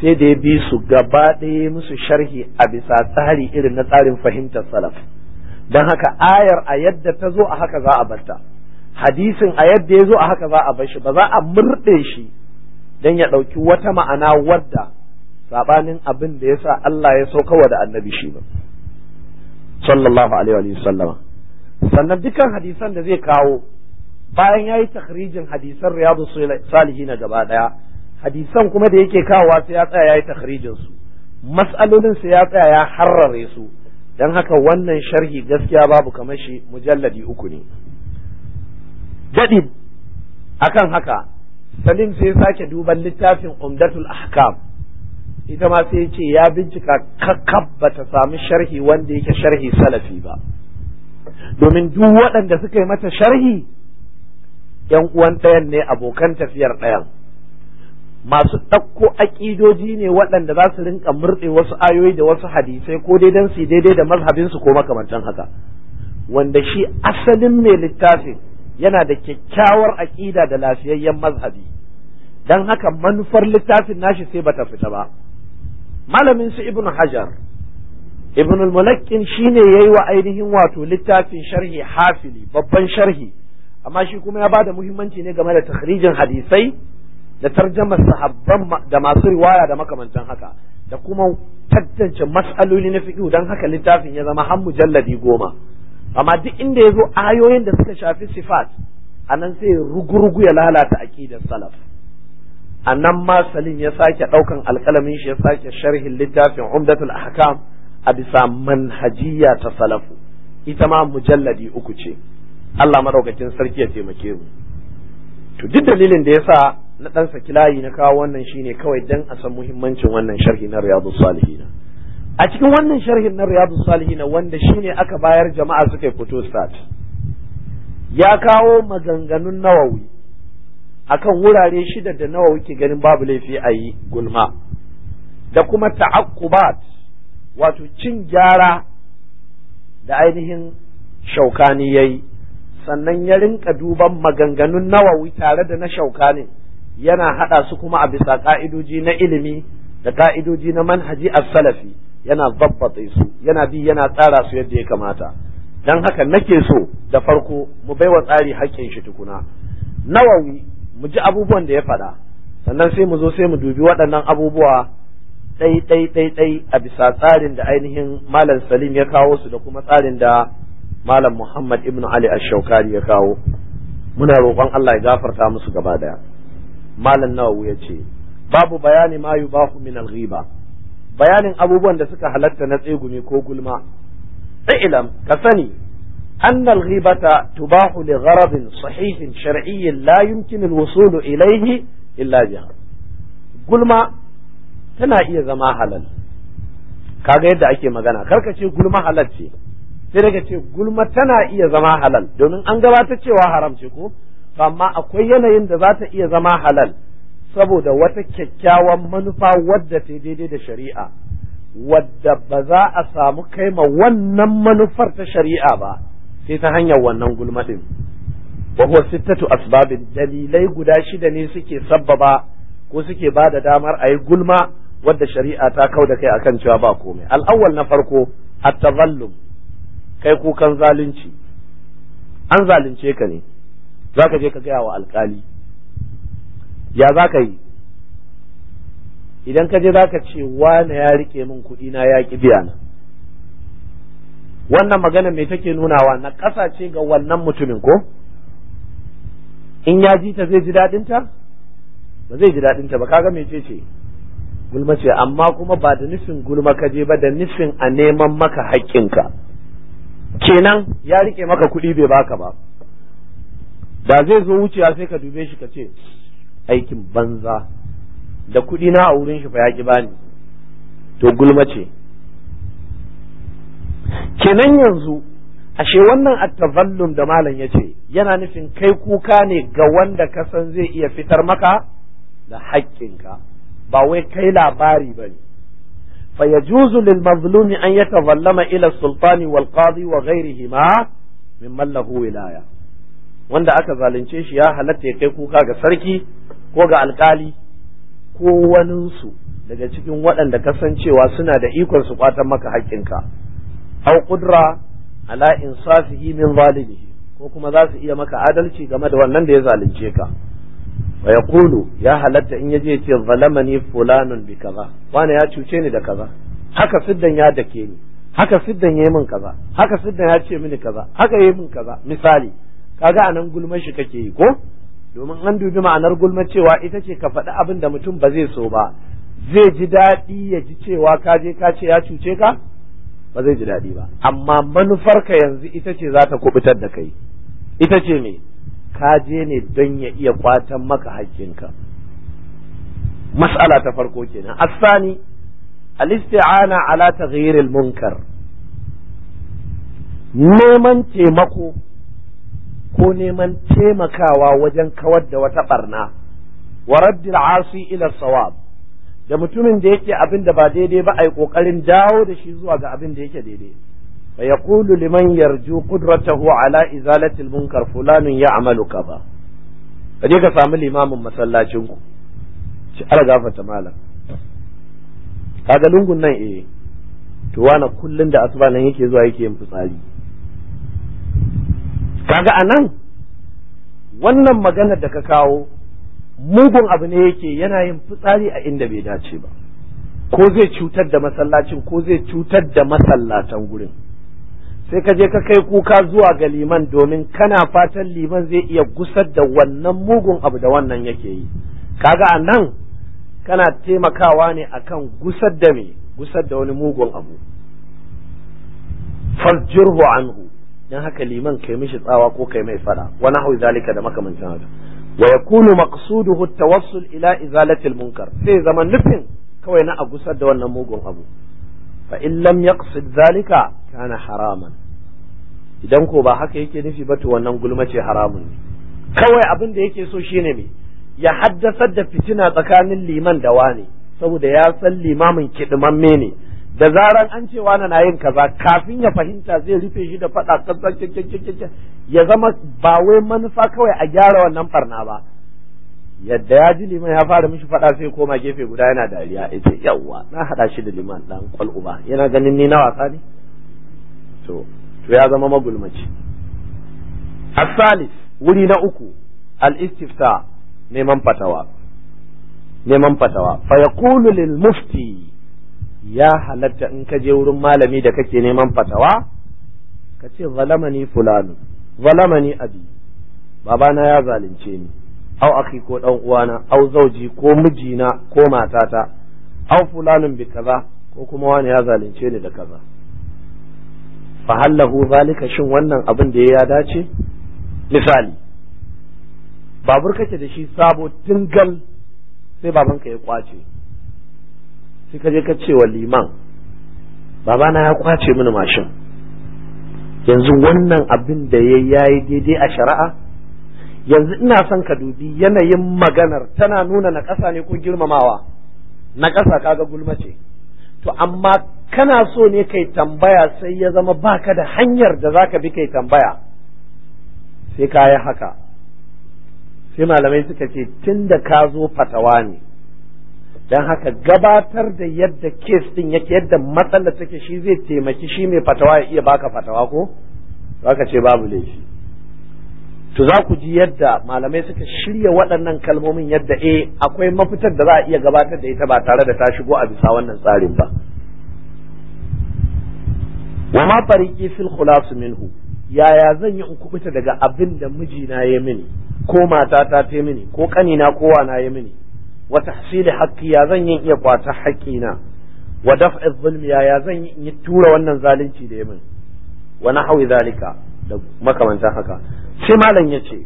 S1: sai da ya bi su gaba ɗaya musu sharhi a bisa tsari irin na tsarin fahimtar salaf don haka ayar a yadda ta zo a haka za a barta hadisin a yadda ya zo a haka za a bar shi ba za a murɗe shi don ya ɗauki wata ma'ana wadda saɓanin abin da ya sa Allah ya saukawa da annabi shi ba sallallahu alaihi wa sallama sannan dukkan hadisan da zai kawo bayan ya yi takhrijin hadisan riyadu na gaba daya hadisan kuma da yake kawowa sai ya tsaya yi takhrijin su mas'alolin sai ya tsaya ya harrare su dan haka wannan sharhi gaskiya babu kamar shi mujalladi uku ne jadi akan haka Salim sai sake duban littafin Umdatul Ahkam ita ma sai ce ya bincika kakkab ba ta sami sharhi wanda yake sharhi salafi ba domin duk waɗanda suka yi mata sharhi yan uwan ɗayan ne abokan tafiyar ɗayan masu ɗauko aƙidoji ne waɗanda za su rinka murɗe wasu ayoyi da wasu hadisai ko dai don su daidai da mazhabinsu ko makamantan haka wanda shi asalin mai littafin yana da kyakkyawar aƙida da lafiyayyen mazhabi don haka manufar littafin nashi sai bata fita ba malamin su ibn hajar ibn al-mulakkin shine yayi wa ainihin wato littafin sharhi hafili babban sharhi amma shi kuma ya ba da muhimmanci ne game da takhrijin hadisai da tarjama sahabban da masu riwaya da makamantan haka da kuma tantance matsaloli na fiqh dan haka littafin ya zama har mujalladi goma amma duk inda ya zo ayoyin da suka shafi sifat a nan sai rugurugu ya lalata aƙidar salaf a nan ma salim ya sake ɗaukan alƙalamin shi ya sake sharhin littafin umdatul ahkam a bisa manhajiyya ta salafu ita ma mujalladi uku ce Allah maɗaukacin sarki ya taimake mu to duk dalilin da yasa na dan saki layi na kawo wannan shine kawai dan a san muhimmancin wannan sharhi na riyadus salihin a cikin wannan sharhin na riyadus salihin wanda shine aka bayar jama'a suka fito start ya kawo maganganun nawawi akan wurare shida da nawawi ke ganin babu laifi a yi gulma da kuma ta'aqqubat wato cin gyara da ainihin shaukani yayi sannan ya rinka duban maganganun nawawi tare da na shauka ne yana haɗa su kuma a bisa ka'idoji na ilimi da ka'idoji na manhaji a salafi yana zabbatai su yana bi yana tsara su yadda ya kamata Don haka nake so da farko mu baiwa tsari haƙƙin shi tukuna nawawi mu ji abubuwan da ya faɗa sannan sai mu zo sai mu dubi waɗannan abubuwa ɗai ɗai ɗai ɗai a bisa tsarin da ainihin malam salim ya kawo su da kuma tsarin da malam muhammad ibn ali ash-shaukani ya kawo muna roƙon Allah ya gafarta musu gaba daya malam nawawi ya ce babu bayani ma ba min al-ghiba bayanin abubuwan da suka halatta na tsegumi ko gulma ilam ka sani أن tubahu تباح لغرض sahihin shar'iyyin لا يمكن الوصول إليه إلا بها قل ما تنا إيا زما حلال kaga yadda ake magana karka ce gulma halal ce sai daga ce gulma tana iya zama halal domin an gabata cewa haram ce ko amma akwai yanayin da za ta iya zama halal saboda wata kyakkyawan manufa wadda ta daidai da shari'a wadda ba za a samu kaima wannan manufar ta shari'a ba sai ta hanyar wannan gulma din wa sittatu asbabin dalilai guda shida ne suke sabbaba ko suke ba da damar a yi gulma wadda shari'a ta kau da kai akan cewa ba komai al'awwal na farko at-tazallum kai kukan zalunci an zalunce ka ne za ka je ka gaya wa alkali ya za ka yi idan ka je za ka ce wane ya rike min kuɗi na ya ƙi biya na wannan magana mai take nunawa na ƙasa ce ga wannan mutumin ko in ya ji ta zai ji daɗinta ba zai ji daɗinta ba kaga mai ce gulma ce amma kuma ba da nufin gulma ka je ba da nufin a neman maka haƙƙinka kenan ya rike maka kuɗi bai baka ba da zai zo wucewa sai ka dube shi ka ce aikin banza da kuɗi na a wurin shi fa ya bani to gulma ce kenan yanzu ashe wannan attazallum da malam ya ce yana nufin kai kuka ne ga wanda ka san zai iya fitar maka da haƙƙinka ba wai kai labari ba ne فيجوز للمظلوم أن يتظلم إلى السلطان والقاضي وغيرهما ممن له ولاية wanda aka zalunce shi ya halatta ya kai kuka ga sarki ko ga alkali ko daga cikin waɗanda kasancewa suna da ikon su kwatan maka haƙƙinka au qudra ala insafihi min zalimihi ko kuma za su iya maka adalci game da wannan da ya zalunce ka wa yaqulu ya halatta in yaje yace zalamani fulanun bi kaza wani ya cuce ni da kaza haka siddan ya dake ni haka siddan yayi min kaza haka siddan ya ce mini kaza haka yayi min kaza misali kaga anan gulmar shi kake yi ko domin an dubi ma'anar gulma cewa ita ce ka faɗi abin da mutum ba zai so ba zai ji daɗi ya ji cewa ka je ka ce ya cuce ka ba zai ji daɗi ba amma manufarka yanzu ita ce za ta kubutar da kai ita ce me ka je ne don ya iya kwatan maka haƙƙinka mas'ala ta farko kenan asani al-isti'ana ala taghyiril munkar neman taimako ko neman taimakawa wajen kawar da wata barna wa raddil asi ila sawab da mutumin da yake abin da ba daidai ba a yi kokarin dawo da shi zuwa ga abin da yake daidai فيقول لمن يرجو قدرته على إزالة المنكر فلان يعمل كذا kaje ka samu limamin masallacin ku ala gafata malam kaga lungun nan eh to wani kullun da asuba nan yake zuwa yake yin fitsari kaga anan wannan maganar da ka kawo mugun abu ne yake yana yin fitsari a inda bai dace ba ko zai cutar da masallacin ko zai cutar da masallatan gurin sai ka je ka kai kuka zuwa ga liman domin kana fatan liman zai iya gusar da wannan mugun abu da wannan yake yi kaga a nan kana taimakawa ne akan gusar da me gusar da wani mugun abu farjirhu anhu dan haka liman kai mishi tsawa ko kai mai fada wani hau zalika da makamancin haka wa yakunu maqsuduhu tawassul ila izalati munkar sai zaman nufin kawai na a gusar da wannan mugun abu fa in lam yaqsid zalika kana haraman idan ko ba haka yake nufi ba to wannan gulma ce haramun ne kawai abin da yake so shine me ya haddasar da fitina tsakanin liman da wani saboda ya san limamin kidimamme ne da zaran an ce wani na yin kaza kafin ya fahimta zai rufe shi da faɗa ya zama ba wai manufa kawai a gyara wannan barna ba yadda ya ji liman ya fara mishi faɗa sai koma gefe guda yana dariya ya ce yawwa na haɗa shi da liman ɗan kwal'uba yana ganin ni na wasa ne to ya zama magulmaci asalis wuri na uku al-istifta neman fatawa neman fatawa fa yaqulu lil mufti ya halatta in ka je wurin malami da kake neman fatawa ka ce zalamani fulanu zalamani abi babana ya zalunce ni au aki ko dan uwana au zauji ko mijina ko matata au fulanin bi kaza ko kuma wani ya zalunce ni da kaza fa hallahu zalika shin wannan abin da ya dace misali babur kake da shi sabo tingal sai babanka ya kwace sai ka je ka ce wa liman babana ya kwace mini mashin yanzu wannan abin da ya yayi daidai a shari'a yanzu ina son ka dubi yanayin maganar tana nuna na ƙasa ne ko girmamawa na ƙasa kaga gulma ce to amma kana so ne kai tambaya sai ya zama baka da hanyar da zaka bi kai tambaya sai ka yi haka sai malamai suka ce tun da ka zo fatawa ne don haka gabatar da yadda kes ɗin yake yadda matsalar take shi zai taimaki shi mai fatawa ya iya baka fatawa ko zaka ce babu laifi to za ku ji yadda malamai suka shirya waɗannan kalmomin yadda eh akwai mafitar da za a iya gabatar da ita ba tare da ta shigo a bisa wannan tsarin ba wa ma fariqi fil khulas minhu yaya zan yi in kubuta daga abin da mijina ya mini ko matata ta mini ko kanina ko wana ya mini wa tahsili haqqi ya zan yi iya kwata haƙƙina wa daf'i zulmi ya zan yi tura wannan zalunci da ya mini wa nahwi zalika da makamantan haka sai malam ya ce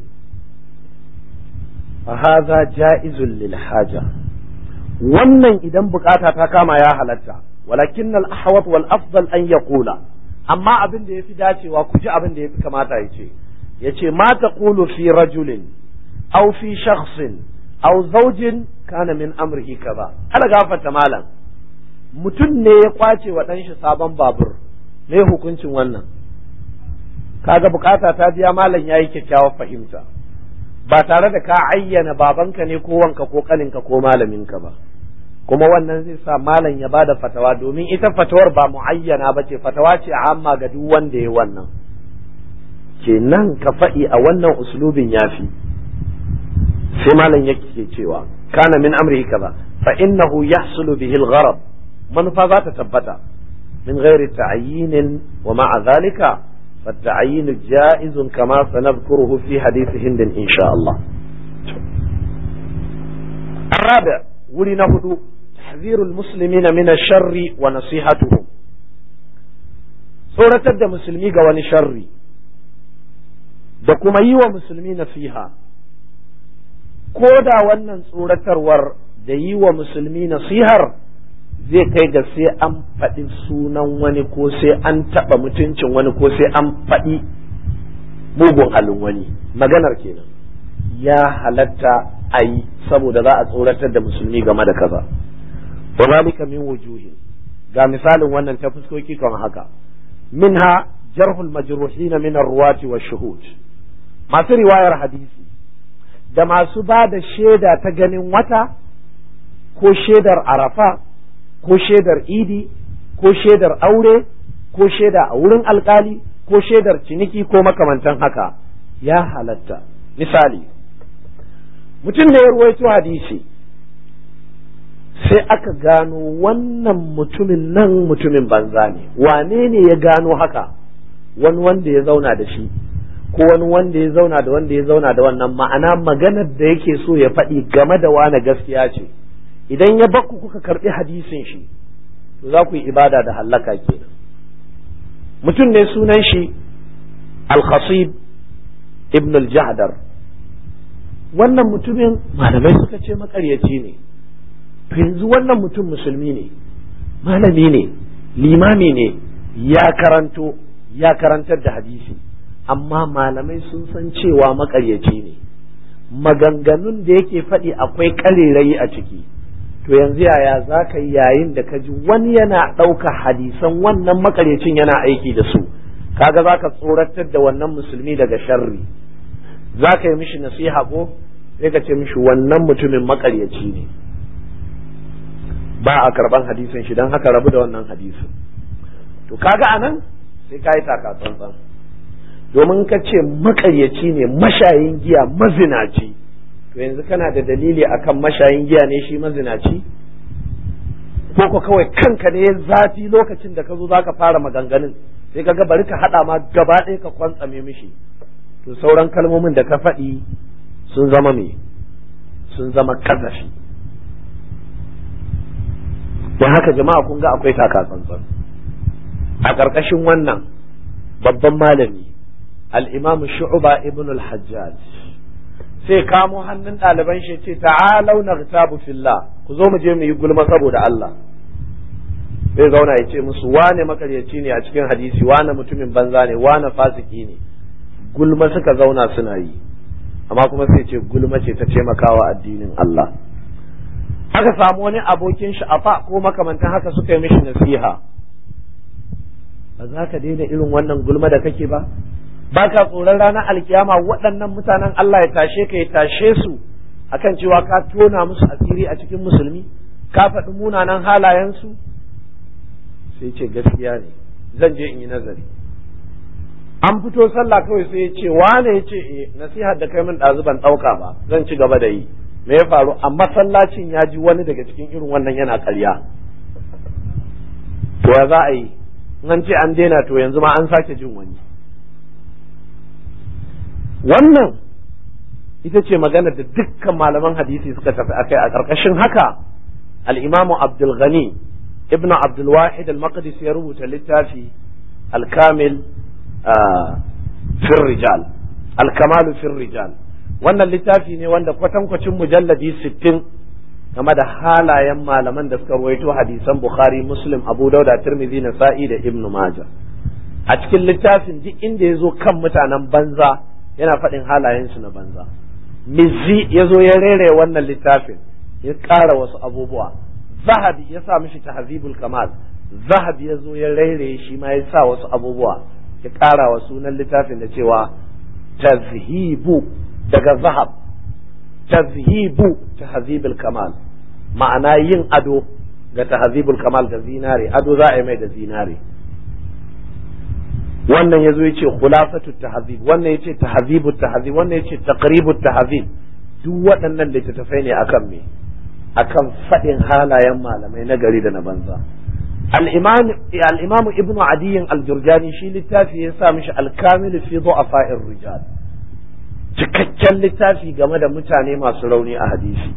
S1: haza ja'izun lil haja wannan idan bukata ta kama ya halatta walakin al ahwat wal afdal an yaqula amma abin da yafi dacewa ku ji abin da yafi kamata ya ce yace ma taqulu fi rajulin aw fi shakhsin aw zawjin kana min amrihi kaza ala gafarta malam mutum ne ya kwace wa dan shi sabon babur me hukuncin wannan kaga bukata ta biya malam yayi kyakkyawar fahimta ba tare da ka ayyana babanka ne ko wanka ko kaninka ko malaminka ba kuma wannan zai sa malam ya bada fatawa domin ita fatawar ba muayyana ba ce fatawa ce amma ga duk wanda ya wannan kenan ka faɗi a wannan uslubin yafi sai malam yake cewa kana min amri ba fa innahu yahsulu bihi al-gharad manufa za ta tabbata min ghairi ta'yin wa ma'a zalika فالتعيين جائز كما سنذكره في حديث هند إن شاء الله الرابع ولنهدو تحذير المسلمين من الشر ونصيحتهم سورة تد مسلمي قواني دكما يوى مسلمين فيها كودا ونن سورة تروار da مسلمين صيهر zai kai ga sai an faɗi sunan wani ko sai an taɓa mutuncin wani ko sai an faɗi
S2: mugun halin
S1: wani maganar kenan ya halatta a yi saboda za a tsoratar da musulmi game da kaza wa zalika min wujuhi ga misalin wannan ta fuskoki kan haka minha jarhul majruhin min arwati wa shuhud masu riwayar hadisi da masu ba da shaida ta ganin wata ko shaidar arafa ko shaidar idi ko shaidar aure ko shaida a wurin alkali ko shaidar ciniki ko makamantan haka ya halatta misali mutum da ya ruwaito hadisi sai aka gano wannan mutumin nan mutumin banza ne wane ne ya gano haka wani wanda ya zauna da shi ko wani wanda ya zauna da wanda ya zauna da wannan ma'ana maganar da yake so ya faɗi game da wane gaskiya ce idan ya bakku kuka karbi hadisin shi to za ku yi ibada da hallaka kenan mutum ne sunan shi al-khasib ibn al-jahdar wannan mutumin malamai suka ce makaryaci ne to yanzu wannan mutum musulmi ne malami ne limami ne ya karanto ya karantar da hadisi amma malamai sun san cewa makaryaci ne maganganun da yake faɗi akwai ƙarerayi a ciki to yanzu yaya za ka yi yayin da ka ji wani yana ɗauka hadisan wannan maƙaryacin yana aiki da su kaga za ka tsoratar da wannan musulmi daga sharri za ka yi mishi nasiha ko sai ka ce mishi wannan mutumin makaryaci ne ba a karban hadisin shi don haka rabu da wannan hadisin to kaga anan sai ka yi taka domin ka ce makaryaci ne mashayin giya mazinaci to yanzu kana da dalili akan mashayin giya ne shi mazinaci ko ko kawai kanka ne zafi lokacin da ka zo zaka fara maganganun sai ka ga bari ka haɗa ma gaba ɗaya ka kwantsame mishi to sauran kalmomin da ka faɗi sun zama me sun zama kazafi don haka jama'a kun ga akwai taka tsantsan a ƙarƙashin wannan babban malami al-imam shu'ba ibn al-hajjaj sai kamo hannun ɗaliban shi ce ta'alau naghtabu fillah ku zo mu je mu yi gulma saboda Allah zai zauna ya ce musu wane makaryaci ne a cikin hadisi wane mutumin banza ne wane fasiki ne gulma suka zauna suna yi amma kuma sai ce gulma ce ta taimakawa addinin Allah Haka samu wani abokin shi fa ko makamantan haka suka yi mishi nasiha ba za ka daina irin wannan gulma da kake ba Ba ka tsoron ranar alkiyama waɗannan mutanen Allah ya tashe ka ya tashe su akan cewa ka tona musu asiri a cikin musulmi ka faɗi munanan halayensu sai ce gaskiya ne zan je in yi nazari an fito sallah kawai sai ya ce wane ya ce eh, nasihar da kai min ɗazu ban ɗauka ba zan ci gaba da yi me ya faru a masallacin ya ji wani daga cikin irin wannan yana karya. to ya za a yi an ce an daina to yanzu ma an sake jin wani wannan ita ce magana da dukkan malaman hadisi suka tafi akai a ƙarƙashin haka al imam abdul ghani ibn abdul wahid al-maqdis ya rubuta littafi al-kamil ah, fi rijal
S2: al-kamalu
S1: fi rijal wannan littafi ne wanda kwatankwacin mujalladi 60 game da halayen malaman da suka ruwaito hadisan Bukhari, Muslim, Abu Dauda, Tirmidhi, Nasa'i da Ibn Majah. A cikin littafin duk inda ya zo kan mutanen banza yana faɗin halayensu na banza mizzi ya zo ya rere wannan littafin ya ƙara wasu abubuwa zahabi ya sa mishi hazibul kamal zahabi ya zo ya rere shi ma ya sa wasu abubuwa ya ƙara wa sunan littafin da cewa tazhibu daga zahab tazhibu hazibul kamal ma'ana yin ado ga hazibul kamal da zinare ado za a yi mai da zinare wannan yazo yace khulafatu tahzib wannan yace tahzibu tahzib wannan yace taqribu tahzib duk waɗannan littattafai ne akan me akan fadin halayen malamai na gari da na banza al-imam ibnu adiyin al-jurjani shi littafi ya sa mishi al-kamil fi du'afa'ir rijal cikakken littafi game da mutane masu rauni a hadisi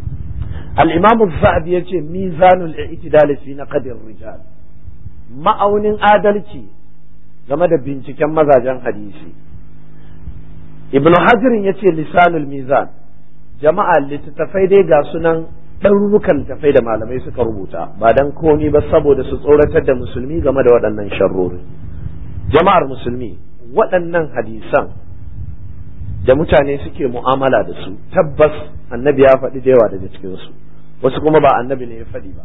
S1: al-imam az-zahabi yace mizanul i'tidal fi naqdir rijal ma'aunin adalci game da binciken mazajen hadisi ibn hajirin ya ce lisanul mizan jama'a littattafai dai ga sunan ɗarurrukan littattafai da malamai suka rubuta ba dan komi ba saboda su tsoratar da musulmi game da waɗannan sharrori jama'ar musulmi waɗannan hadisan da mutane suke mu'amala da su tabbas annabi ya faɗi da yawa daga cikinsu wasu kuma ba annabi ne ya faɗi ba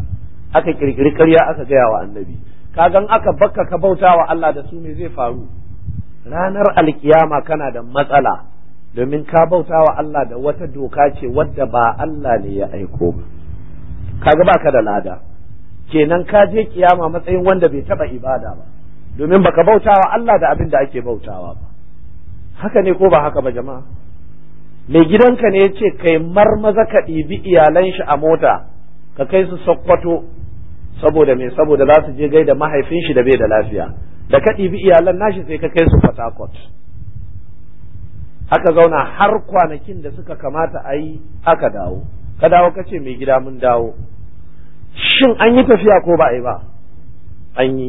S1: aka ƙirƙiri ƙarya aka gaya wa annabi kagan aka bakka ka bauta wa Allah da su ne zai faru ranar alkiyama kana da matsala domin ka bauta wa Allah da wata doka ce wadda ba Allah ne ya aiko ba kaga baka da lada kenan ka je kiyama matsayin wanda bai taba ibada ba domin baka wa Allah da abin da ake bautawa ba haka ne ko ba haka ba jama'a mai gidanka ne ya ce kai marmaza ka ɗibi iyalan shi a mota ka kai su sokoto saboda me saboda za su je gaida mahaifin shi da bai da lafiya da ka bi iyalan nashi sai ka kai su Port Harcourt aka zauna har kwanakin da suka kamata a yi aka dawo ka dawo ka ce mai gida mun dawo shin an yi tafiya ko ba a yi ba an yi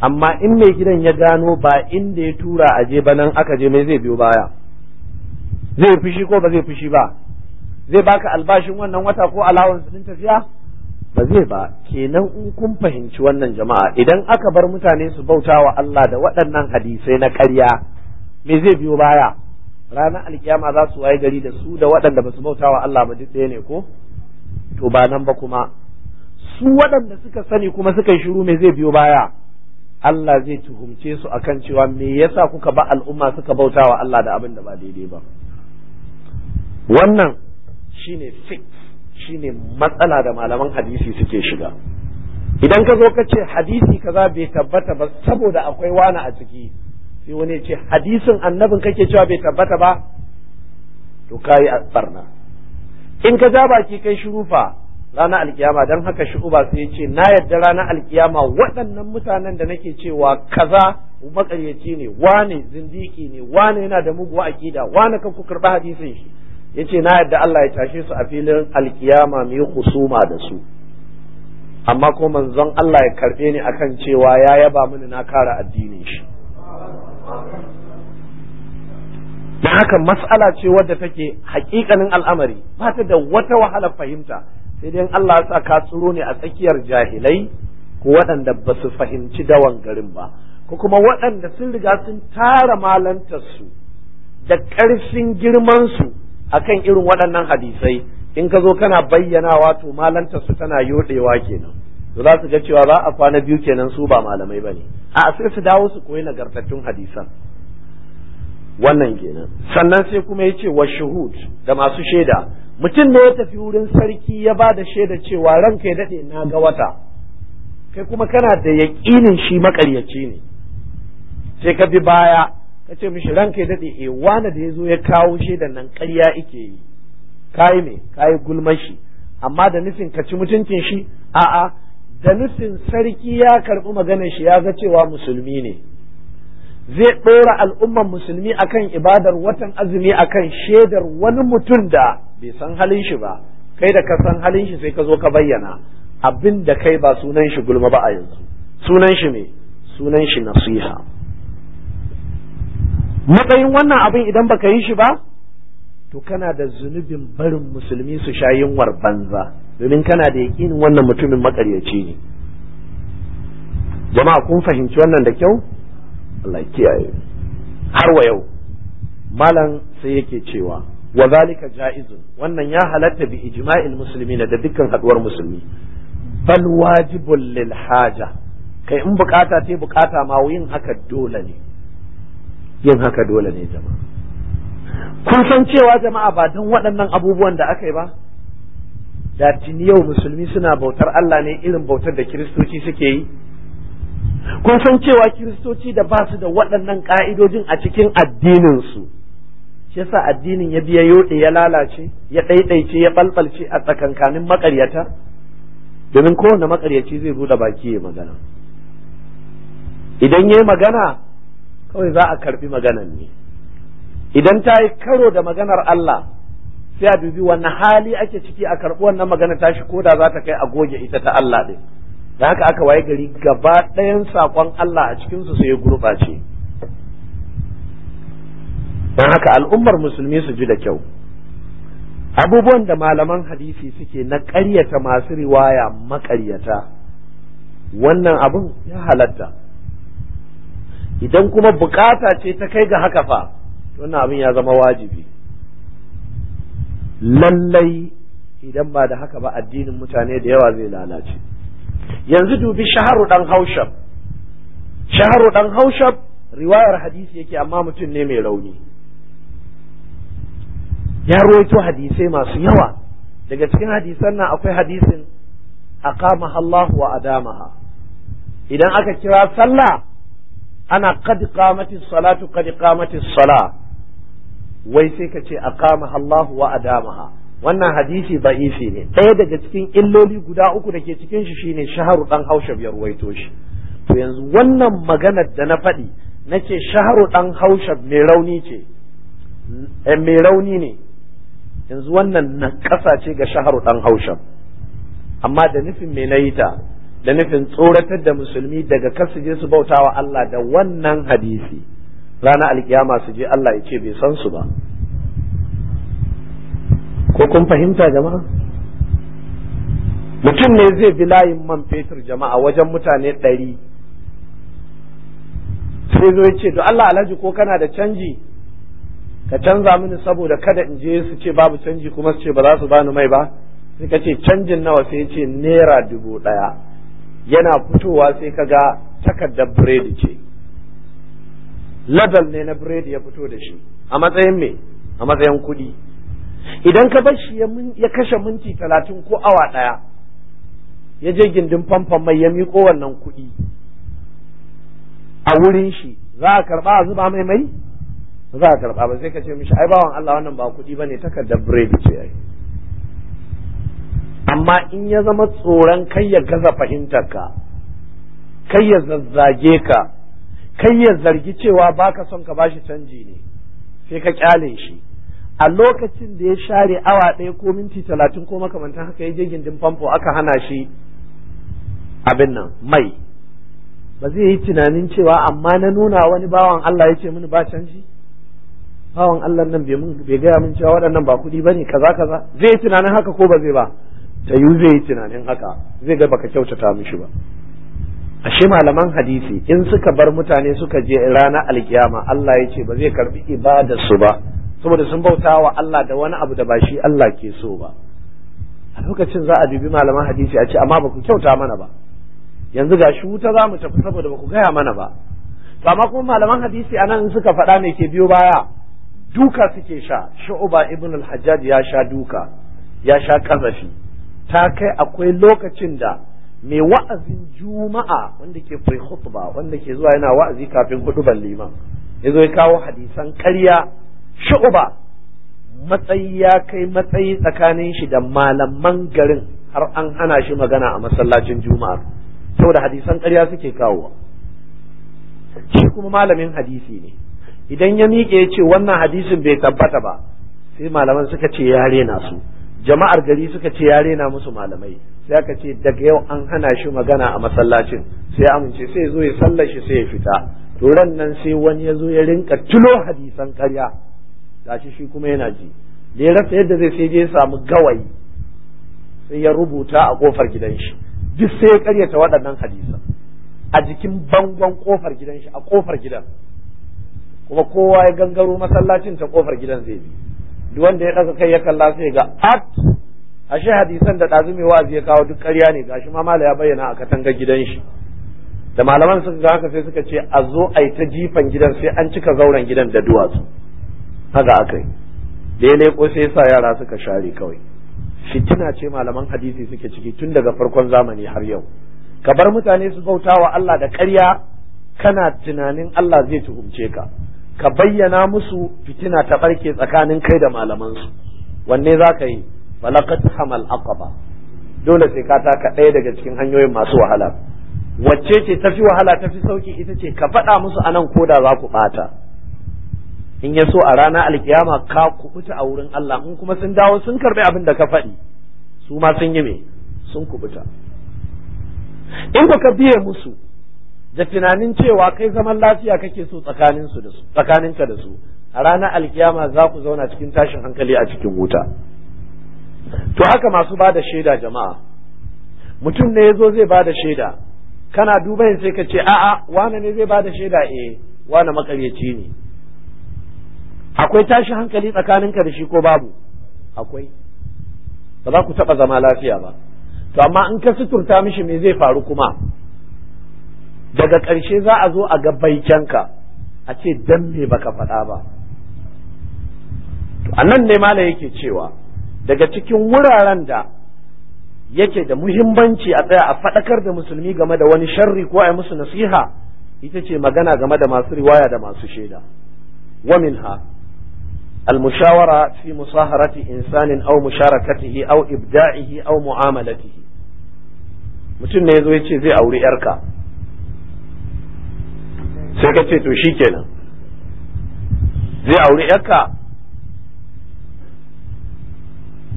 S1: amma in mai gidan ya gano ba inda ya tura a je nan aka je mai zai biyo baya zai fushi ko ba zai fushi ba zai baka albashin wannan wata ko alawansu din tafiya ba zai ba kenan in kun fahimci wannan jama'a idan aka bar mutane su bauta wa Allah da waɗannan hadisai na ƙarya me zai biyo baya ranar alkiyama za su waye gari da su da waɗanda ba su bauta wa Allah ba duk ɗaya ne ko to ba nan ba kuma su waɗanda suka sani kuma suka yi shiru me zai biyo baya Allah zai tuhumce su akan cewa me yasa kuka ba al'umma suka bauta wa Allah da abin da ba daidai ba wannan shine fix shine matsala da malaman hadisi suke shiga idan ka zo ka ce hadisi kaza bai tabbata ba saboda akwai wani a ciki sai wani ce hadisin annabin kake cewa bai tabbata ba to a barna in ka ja baki kai shurufa ranar alkiyama don haka shu'uba sai ya ce na yadda ranar alkiyama waɗannan mutanen da nake cewa kaza makaryaci ne wane zindiki ne wane yana da muguwa akida wane kan ku karɓi hadisin shi yace na yadda Allah ya tashe su a filin alkiyama mu yi husuma da su amma ko manzon Allah ya karbe ni akan cewa ya yaba mini na kara addinin shi da haka mas'ala ce wadda take hakikanin al'amari ba ta da wata wahala fahimta sai dai Allah ya sa ka tsuro ne a tsakiyar jahilai ko waɗanda ba su fahimci dawan garin ba ko kuma waɗanda sun riga sun tara malantar su da ƙarfin girmansu akan irin waɗannan hadisai in ka zo kana bayyanawa to malanta su tana yodewa kenan to za su ga cewa za a kwana biyu kenan su ba malamai bane a sai su dawo su koyi nagartattun hadisan wannan kenan sannan sai kuma yace wa shuhud da masu shaida mutum ne ya tafi wurin sarki ya ba da shaida cewa ranka ya dade na ga wata kai kuma kana da yaƙinin shi makaryaci ne sai ka bi baya ka ce mishi ranka ya daɗe e eh, wani da ya zo ya kawo shaidan nan ƙarya ike yi kayi me kayi gulmar shi amma da nufin ka ci mutuncin shi a'a da nufin sarki ya karɓi maganar shi ya ga cewa musulmi ne zai ɗora al'ummar musulmi akan ibadar watan azumi akan shaidar wani mutum da bai san halin shi ba kai da ka san halin shi sai ka zo ka bayyana abin da kai ba sunan shi gulma ba a yanzu sunan shi me sunan shi nasiha matsayin wannan abin idan baka yi shi ba to kana da zunubin barin musulmi su sha yunwar banza domin kana da yakinin wannan mutumin makaryaci ne jama'a kun fahimci wannan da kyau Allah kiyaye har wa yau malam sai yake cewa wa zalika ja'izun wannan ya halatta bi ijma'il muslimin da dukkan haduwar musulmi bal wajibul lil haja kai in bukata ce bukata ma yin haka dole ne yin haka dole ne jama'a kun san cewa jama'a ba don waɗannan abubuwan da aka yi ba da tuni yau musulmi suna bautar Allah ne irin bautar da kiristoci suke yi kun san cewa kiristoci da ba su da waɗannan ƙa'idojin a cikin addininsu shi yasa addinin ya biya yoɗe ya lalace ya ɗaiɗaice ya ɓalɓalce a tsakankanin maƙaryata domin kowane maƙaryaci zai buɗe baki ya magana idan ya yi magana kawai za a karbi maganar ne idan ta yi karo da maganar Allah sai a dubi wani hali ake ciki a karɓi wannan magana tashi koda za ta kai a goge ita ta Allah ɗin da haka aka waye gari gaba ɗayan saƙon Allah a cikinsu sai ya gurɓace don haka al'ummar musulmi su ji da kyau abubuwan da malaman hadisi suke na ƙaryata masu riwaya maƙaryata wannan abun ya halatta idan kuma bukata ce ta kai ga haka fa wannan abin ya zama wajibi lallai idan ba da haka ba addinin mutane da yawa zai lalace yanzu dubi shaharu dan haushab shaharu dan haushab riwayar hadisi yake amma mutum ne mai rauni ya ruwaito hadisai masu yawa daga cikin hadisan nan akwai hadisin aqamaha Allah wa adamaha idan aka kira sallah ana qad qamati salatu qad qamati sala wai sai ka ce kama Allah wa adamaha wannan hadisi da'ifi ne ɗaya daga cikin illoli guda uku da ke cikin shi shine shaharu dan haushab ya ruwaito shi to yanzu wannan maganar da na faɗi nace ce shaharu dan haushab mai rauni ce eh, mai rauni ne yanzu wannan na ƙasa ce ga shaharu dan haushab amma da nufin me na yi ta da nufin tsoratar da musulmi daga kar su je su bautawa Allah da wannan hadisi ranar alkiyama su je Allah ya ce bai san su ba ko kun fahimta jama'a mutum ne zai bi layin man fetur jama'a wajen mutane ɗari sai zo ya ce to Allah alhaji ko kana da canji ka canza mini saboda kada in je su ce babu canji kuma su ce ba za su bani mai ba sai ka ce canjin nawa sai ya ce naira dubu ɗaya yana fitowa sai ka ga takardar biredi ce label ne na biredi ya fito da shi a matsayin me a matsayin kuɗi idan ka bar shi ya kashe minti talatin ko awa ɗaya ya je gindin famfan mai ya miƙo wannan kuɗi a wurin shi za a karɓa a zuba mai mai za a karɓa ba sai ka ce mishi ai bawan Allah wannan ba kuɗi bane takardar biredi ce ai amma in ya zama tsoron kai ya gaza fahimtarka kai ya zazzage ka kai ya zargi cewa baka son ka bashi canji ne sai ka kyale shi a lokacin da ya share awa ɗaya ko minti talatin ko makamantan haka ya je gindin famfo aka hana shi abin nan mai ba zai yi tunanin cewa amma na nuna wani bawan Allah ya ce mini ba canji bawan Allah nan bai gaya min cewa waɗannan ba kuɗi ba ne kaza kaza zai yi tunanin haka ko ba zai ba ta yi zai yi tunanin haka zai ga baka kyautata mishi ba ashe malaman hadisi in suka bar mutane suka je ranar alkiyama Allah ya ce ba zai karbi ibadar su ba saboda sun bauta wa Allah da wani abu da ba shi Allah ke so ba a lokacin za a dubi malaman hadisi a ce amma ba ku kyauta mana ba yanzu ga shi wuta za mu tafi saboda ba ku gaya mana ba to amma kuma malaman hadisi anan in suka faɗa ne ke biyo baya duka suke sha shu'uba ibn al-hajjaj ya sha duka ya sha kazafi ta kai akwai lokacin da mai wa'azin juma'a wanda ke pre khutba wanda ke zuwa yana wa'azi kafin ban liman ya zo ya kawo hadisan karya shu'uba matsayi ya kai matsayi tsakanin shi da malaman garin har an hana shi magana a masallacin juma'a saboda hadisan karya suke kawo shi kuma malamin hadisi ne idan ya miƙe ya ce wannan hadisin bai tabbata ba sai malaman suka ce ya rena su jama'ar gari suka ce ya rena musu malamai sai aka ce daga yau an hana shi magana a masallacin sai amince sai zo ya sallar shi sai ya fita to ran nan sai wani ya zo ya rinka tulo hadisan karya gashi shi kuma yana ji da ya yadda zai sai je ya samu gawayi sai ya rubuta a kofar gidan shi duk sai ya karyata waɗannan hadisan a jikin bangon kofar gidan shi a kofar gidan kuma kowa ya gangaro masallacin ta kofar gidan zai bi duk wanda ya ɗaga kai ya kalla sai ga at ashe hadisan da ɗazu mai wa'azi ya kawo duk ƙarya ne gashi ma mala ya bayyana a katanga gidan shi da malaman suka ga haka sai suka ce a zo a yi ta jifan gidan sai an cika zauren gidan da duwatsu haka aka yi da ya leƙo sai sa yara suka share kawai fitina ce malaman hadisi suke ciki tun daga farkon zamani har yau ka bar mutane su bauta wa Allah da ƙarya kana tunanin Allah zai tuhumce ka ka bayyana musu fitina ta barke tsakanin kai da malamansu wanne za ka yi falakat hamal aqaba dole sai ka taka ɗaya daga cikin hanyoyin masu wahala wacce ce tafi wahala tafi sauki ita ce ka faɗa musu anan koda za ku bata. in ya so a rana alkiyama ka kubuta a wurin Allah in kuma sun dawo sun karɓi abin da ka faɗi su ma sun yi me sun kubuta in ba ka biye musu da tunanin cewa kai zaman lafiya kake so tsakanin su da su tsakaninka da su a ranar alkiyama za ku zauna cikin tashin hankali a cikin wuta to haka masu bada shaida jama'a mutum ne ya zo zai ba da shaida kana duba sai ka ce a'a wane ne zai ba da shaida eh wane makaryaci ne akwai tashin hankali tsakaninka da shi ko babu akwai ba za ku taɓa zama lafiya ba to amma in ka suturta mishi me zai faru kuma daga ƙarshe za a zo a ga baikenka a ce dan me baka faɗa ba To anan ne mala yake cewa daga cikin wuraren da yake da muhimmanci a tsaya a faɗakar da musulmi game da wani sharri ko a musu nasiha ita ce magana game da masu riwaya da masu shaida wa minha المشاورة في مصاهرة إنسان أو مشاركته أو au أو معاملته mutum ne zo ya ce zai auri yarka sai ka ce to shi kenan zai auri yarka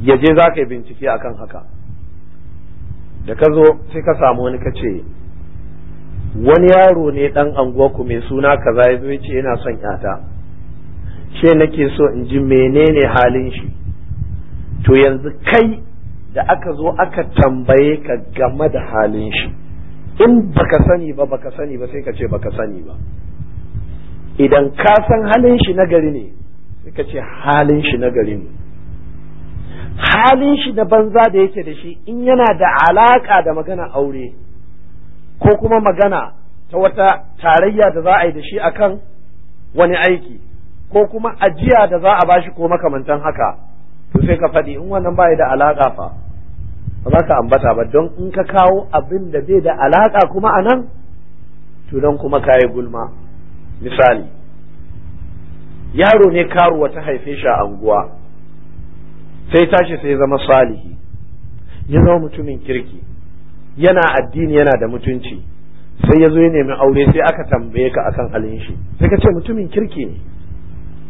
S1: ya je za ka yi bincike kan haka da ka zo sai ka samu wani ka ce wani yaro ne dan anguwarku mai suna kaza ya zo ce yana son yata ce nake so in ji menene halin shi to yanzu kai da aka zo aka tambaye ka game da halin shi in baka sani ba baka sani ba sai ka ce baka sani ba idan ka san halin shi nagari ne sai ka ce halin shi nagari ne halin shi na banza da yake da shi in yana da alaka da magana aure ko kuma magana ta wata tarayya da za a yi da shi akan wani aiki ko kuma ajiya da za a bashi ko makamantan haka to sai ka faɗi in wannan ba ya da alaka fa ba za ka ambata ba don in ka kawo abin da bai da alaƙa kuma a nan to don kuma yi gulma misali yaro ne karuwa ta haife shi a anguwa sai tashi sai zama salihi ya zama mutumin kirki yana addini yana da mutunci sai ya zo ya nemi aure sai aka tambaye ka akan halin shi sai ka ce mutumin kirki ne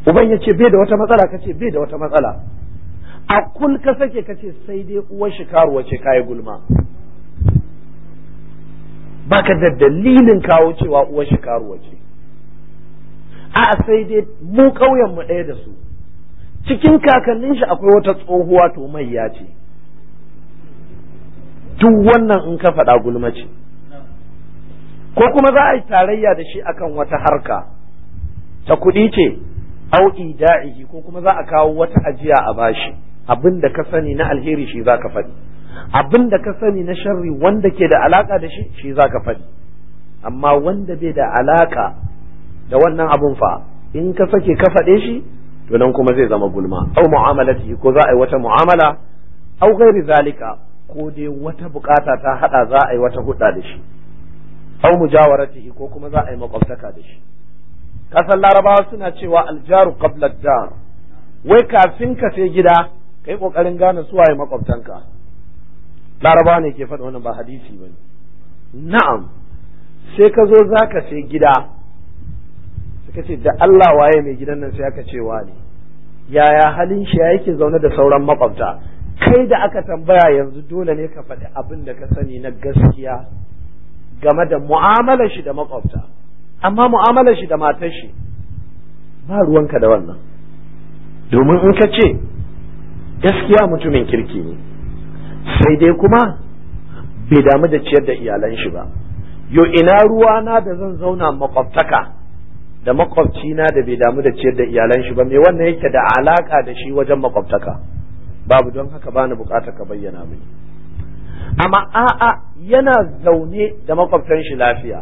S1: uban ya ce bai da wata matsala ka ce bai da wata matsala a kun ka sake ka ce sai dai uwar shi karuwa ce kayi gulma baka da dalilin kawo cewa uwar shi karuwa ce a sai dai mu ƙauyen mu ɗaya da su cikin kakannin shi akwai wata tsohuwa to mai ya ce duk wannan in ka faɗa gulma ce ko kuma za a yi tarayya da shi akan wata harka ta kuɗi ce au ida'ihi ko kuma za a kawo wata ajiya a bashi abin da ka sani na alheri shi za ka faɗi abin da ka sani na sharri wanda ke da alaka da shi shi za ka faɗi amma wanda bai da alaka da wannan abun fa in ka sake ka faɗe shi to nan kuma zai zama gulma au mu'amalati ko za a yi wata mu'amala au ghairi zalika ko dai wata bukata ta hada za a yi wata hudda da shi au mujawaratihi ko kuma za a yi makwabtaka da shi kasan larabawa suna cewa aljaru qabla dar wai kafin ka sai gida Ka yi ƙoƙarin gane su waye maƙwabtanka. laraba ne ke faɗa wannan ba hadisi ba na'am sai ka zo za ka ce gida Ka ce da Allah waye mai gidan nan sai aka ce ne yaya halin shi ya yake zaune da sauran maƙwabta? kai da aka tambaya yanzu dole ne ka faɗi abin da ka sani na gaskiya game da mu'amalar shi da maƙwabta, amma mu'amalar shi da matar shi ba ruwanka da wannan domin in ka ce gaskiya mutumin kirki ne sai dai kuma bai damu da ciyar da iyalan shi ba yo ina ruwa na da zan zauna makwabtaka da makwabci na da bai damu da ciyar da iyalan shi ba mai wannan yake da alaka da shi wajen makwabtaka babu don haka bani bukata ka bayyana mini amma a'a yana zaune da makwabtan shi lafiya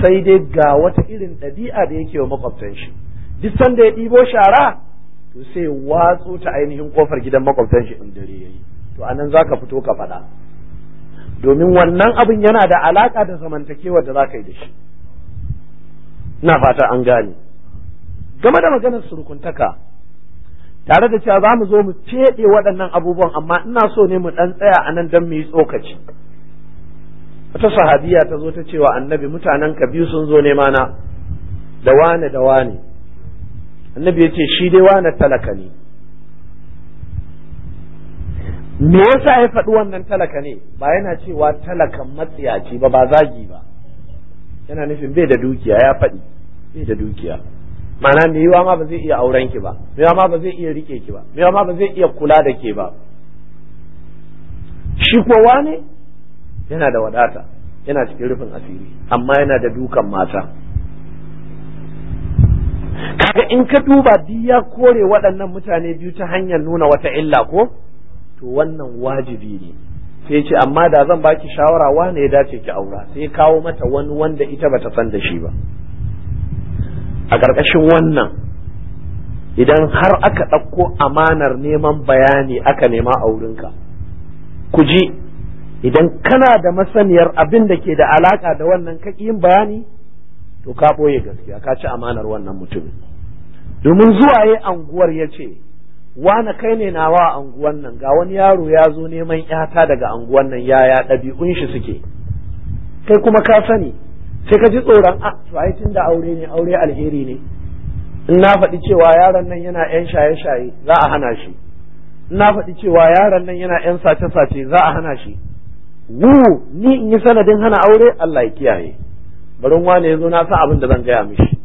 S1: sai dai ga wata irin ɗabi'a da yake wa makwabtan shi duk sanda ya ɗibo shara to sai watsu ta ainihin kofar gidan makwabtan shi in dare yayi to anan zaka fito ka faɗa domin wannan abin yana da alaka da zamantakewar da zaka yi da shi ina fata an gane game da maganar surukuntaka tare da cewa za mu zo mu feɗe waɗannan abubuwan amma ina so ne mu ɗan tsaya a nan don mu yi tsokaci wata sahabiya ta zo ta cewa annabi mutanen ka biyu sun zo ne na da wane da wane annabi yace shi dai wani talaka ne me yasa ya faɗi wannan talaka ne ba yana cewa talakan matsiyaci ba ba zagi ba yana nufin bai da dukiya ya faɗi bai da dukiya ma'ana me yiwa ma ba zai iya auren ki ba me ma ba zai iya rike ki ba me ma ba zai iya kula da ke ba shi kowa ne yana da wadata yana cikin rufin asiri amma yana da dukan mata kaga in ka duba duk ya kore waɗannan mutane biyu ta hanyar nuna wata illa ko to wannan wajibi ne sai ce amma da zan baki shawara wane ya dace ki aura sai kawo mata wani wanda ita bata san da shi ba a ƙarƙashin wannan idan har aka ɗauko amanar neman bayani aka nema a wurinka ku ji idan kana da masaniyar abin da ke da alaƙa da wannan kaki yin bayani to ka ɓoye gaskiya ka ci amanar wannan mutumin domin zuwa ya anguwar ya ce wane kai ne nawa a anguwan nan ga wani yaro ya zo neman yata daga anguwan nan ya ya ɗabi'un shi suke kai kuma ka sani sai ka ji tsoron a ah, ai tun da aure ne aure alheri ne in na faɗi cewa yaron nan yana yan shaye-shaye za a hana shi in na faɗi cewa yaron nan yana yan sace-sace za a hana shi wu ni in yi sanadin hana aure Allah ya kiyaye barin wane ya zo na sa abin da zan gaya mishi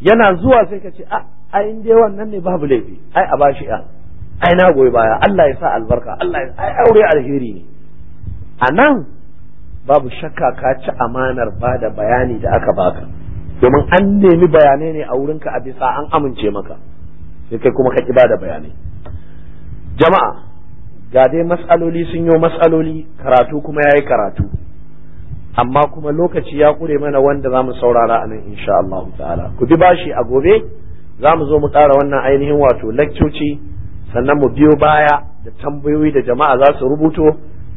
S1: yana zuwa sai ka ce a ah, ai in dai wannan ne babu laifi ai a bashi a ai na goyi baya Allah ya sa albarka Allah ya ai aure alheri ne a nan babu shakka ka ci amanar ba da bayani da aka baka domin an nemi bayanai ne a wurinka a bisa an amince maka sai kai kuma ka ki ba da bayanai jama'a ga dai matsaloli sun yi matsaloli karatu kuma ya yi karatu amma kuma lokaci ya kure mana wanda za mu saurara a nan insha Allah ta'ala ku bi bashi a gobe za mu zo mu ƙara wannan ainihin wato lakcoci sannan mu biyo baya da tambayoyi da jama'a za su rubuto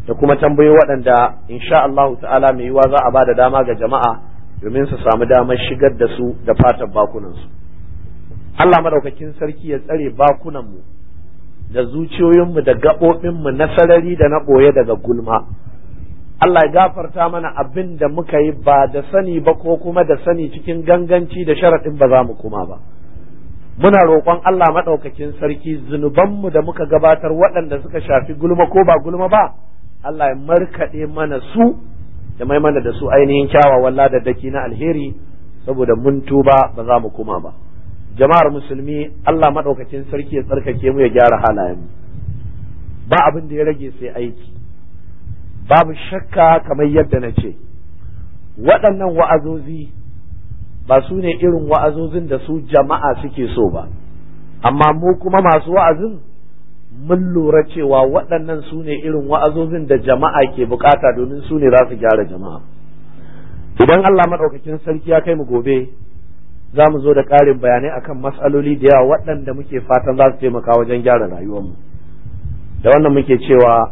S1: da kuma tambayoyi waɗanda insha Allah ta'ala mai yiwuwa za a ba da dama ga jama'a domin su samu damar shigar da su da fatan bakunansu Allah madaukakin sarki ya tsare bakunanmu da zuciyoyinmu da gaɓoɓinmu na sarari da na ɓoye daga gulma Allah ya gafarta mana abin da muka yi ba da sani ba ko kuma da sani cikin ganganci da sharaɗin ba za mu kuma ba
S2: muna roƙon Allah
S1: maɗaukakin sarki zunubanmu da muka gabatar waɗanda suka shafi gulma ko ba gulma ba Allah ya markaɗe mana su da mai mana da su ainihin kyawawan ladaddaki na alheri saboda mun tuba ba za mu kuma ba jama'ar musulmi Allah maɗaukakin sarki ya tsarkake mu ya gyara halayen ba abin da ya rage sai aiki babu shakka kamar yadda na ce waɗannan wa'azozi ba su ne irin wa'azozin da su jama'a suke so ba amma mu kuma masu wa'azin mun lura cewa waɗannan su ne irin wa'azozin da jama'a ke bukata domin su ne za su gyara jama'a idan Allah maɗaukakin sarki ya kai mu gobe za mu zo da ƙarin bayanai akan matsaloli da yawa waɗanda muke fatan za su taimaka wajen gyara rayuwar mu da wannan muke cewa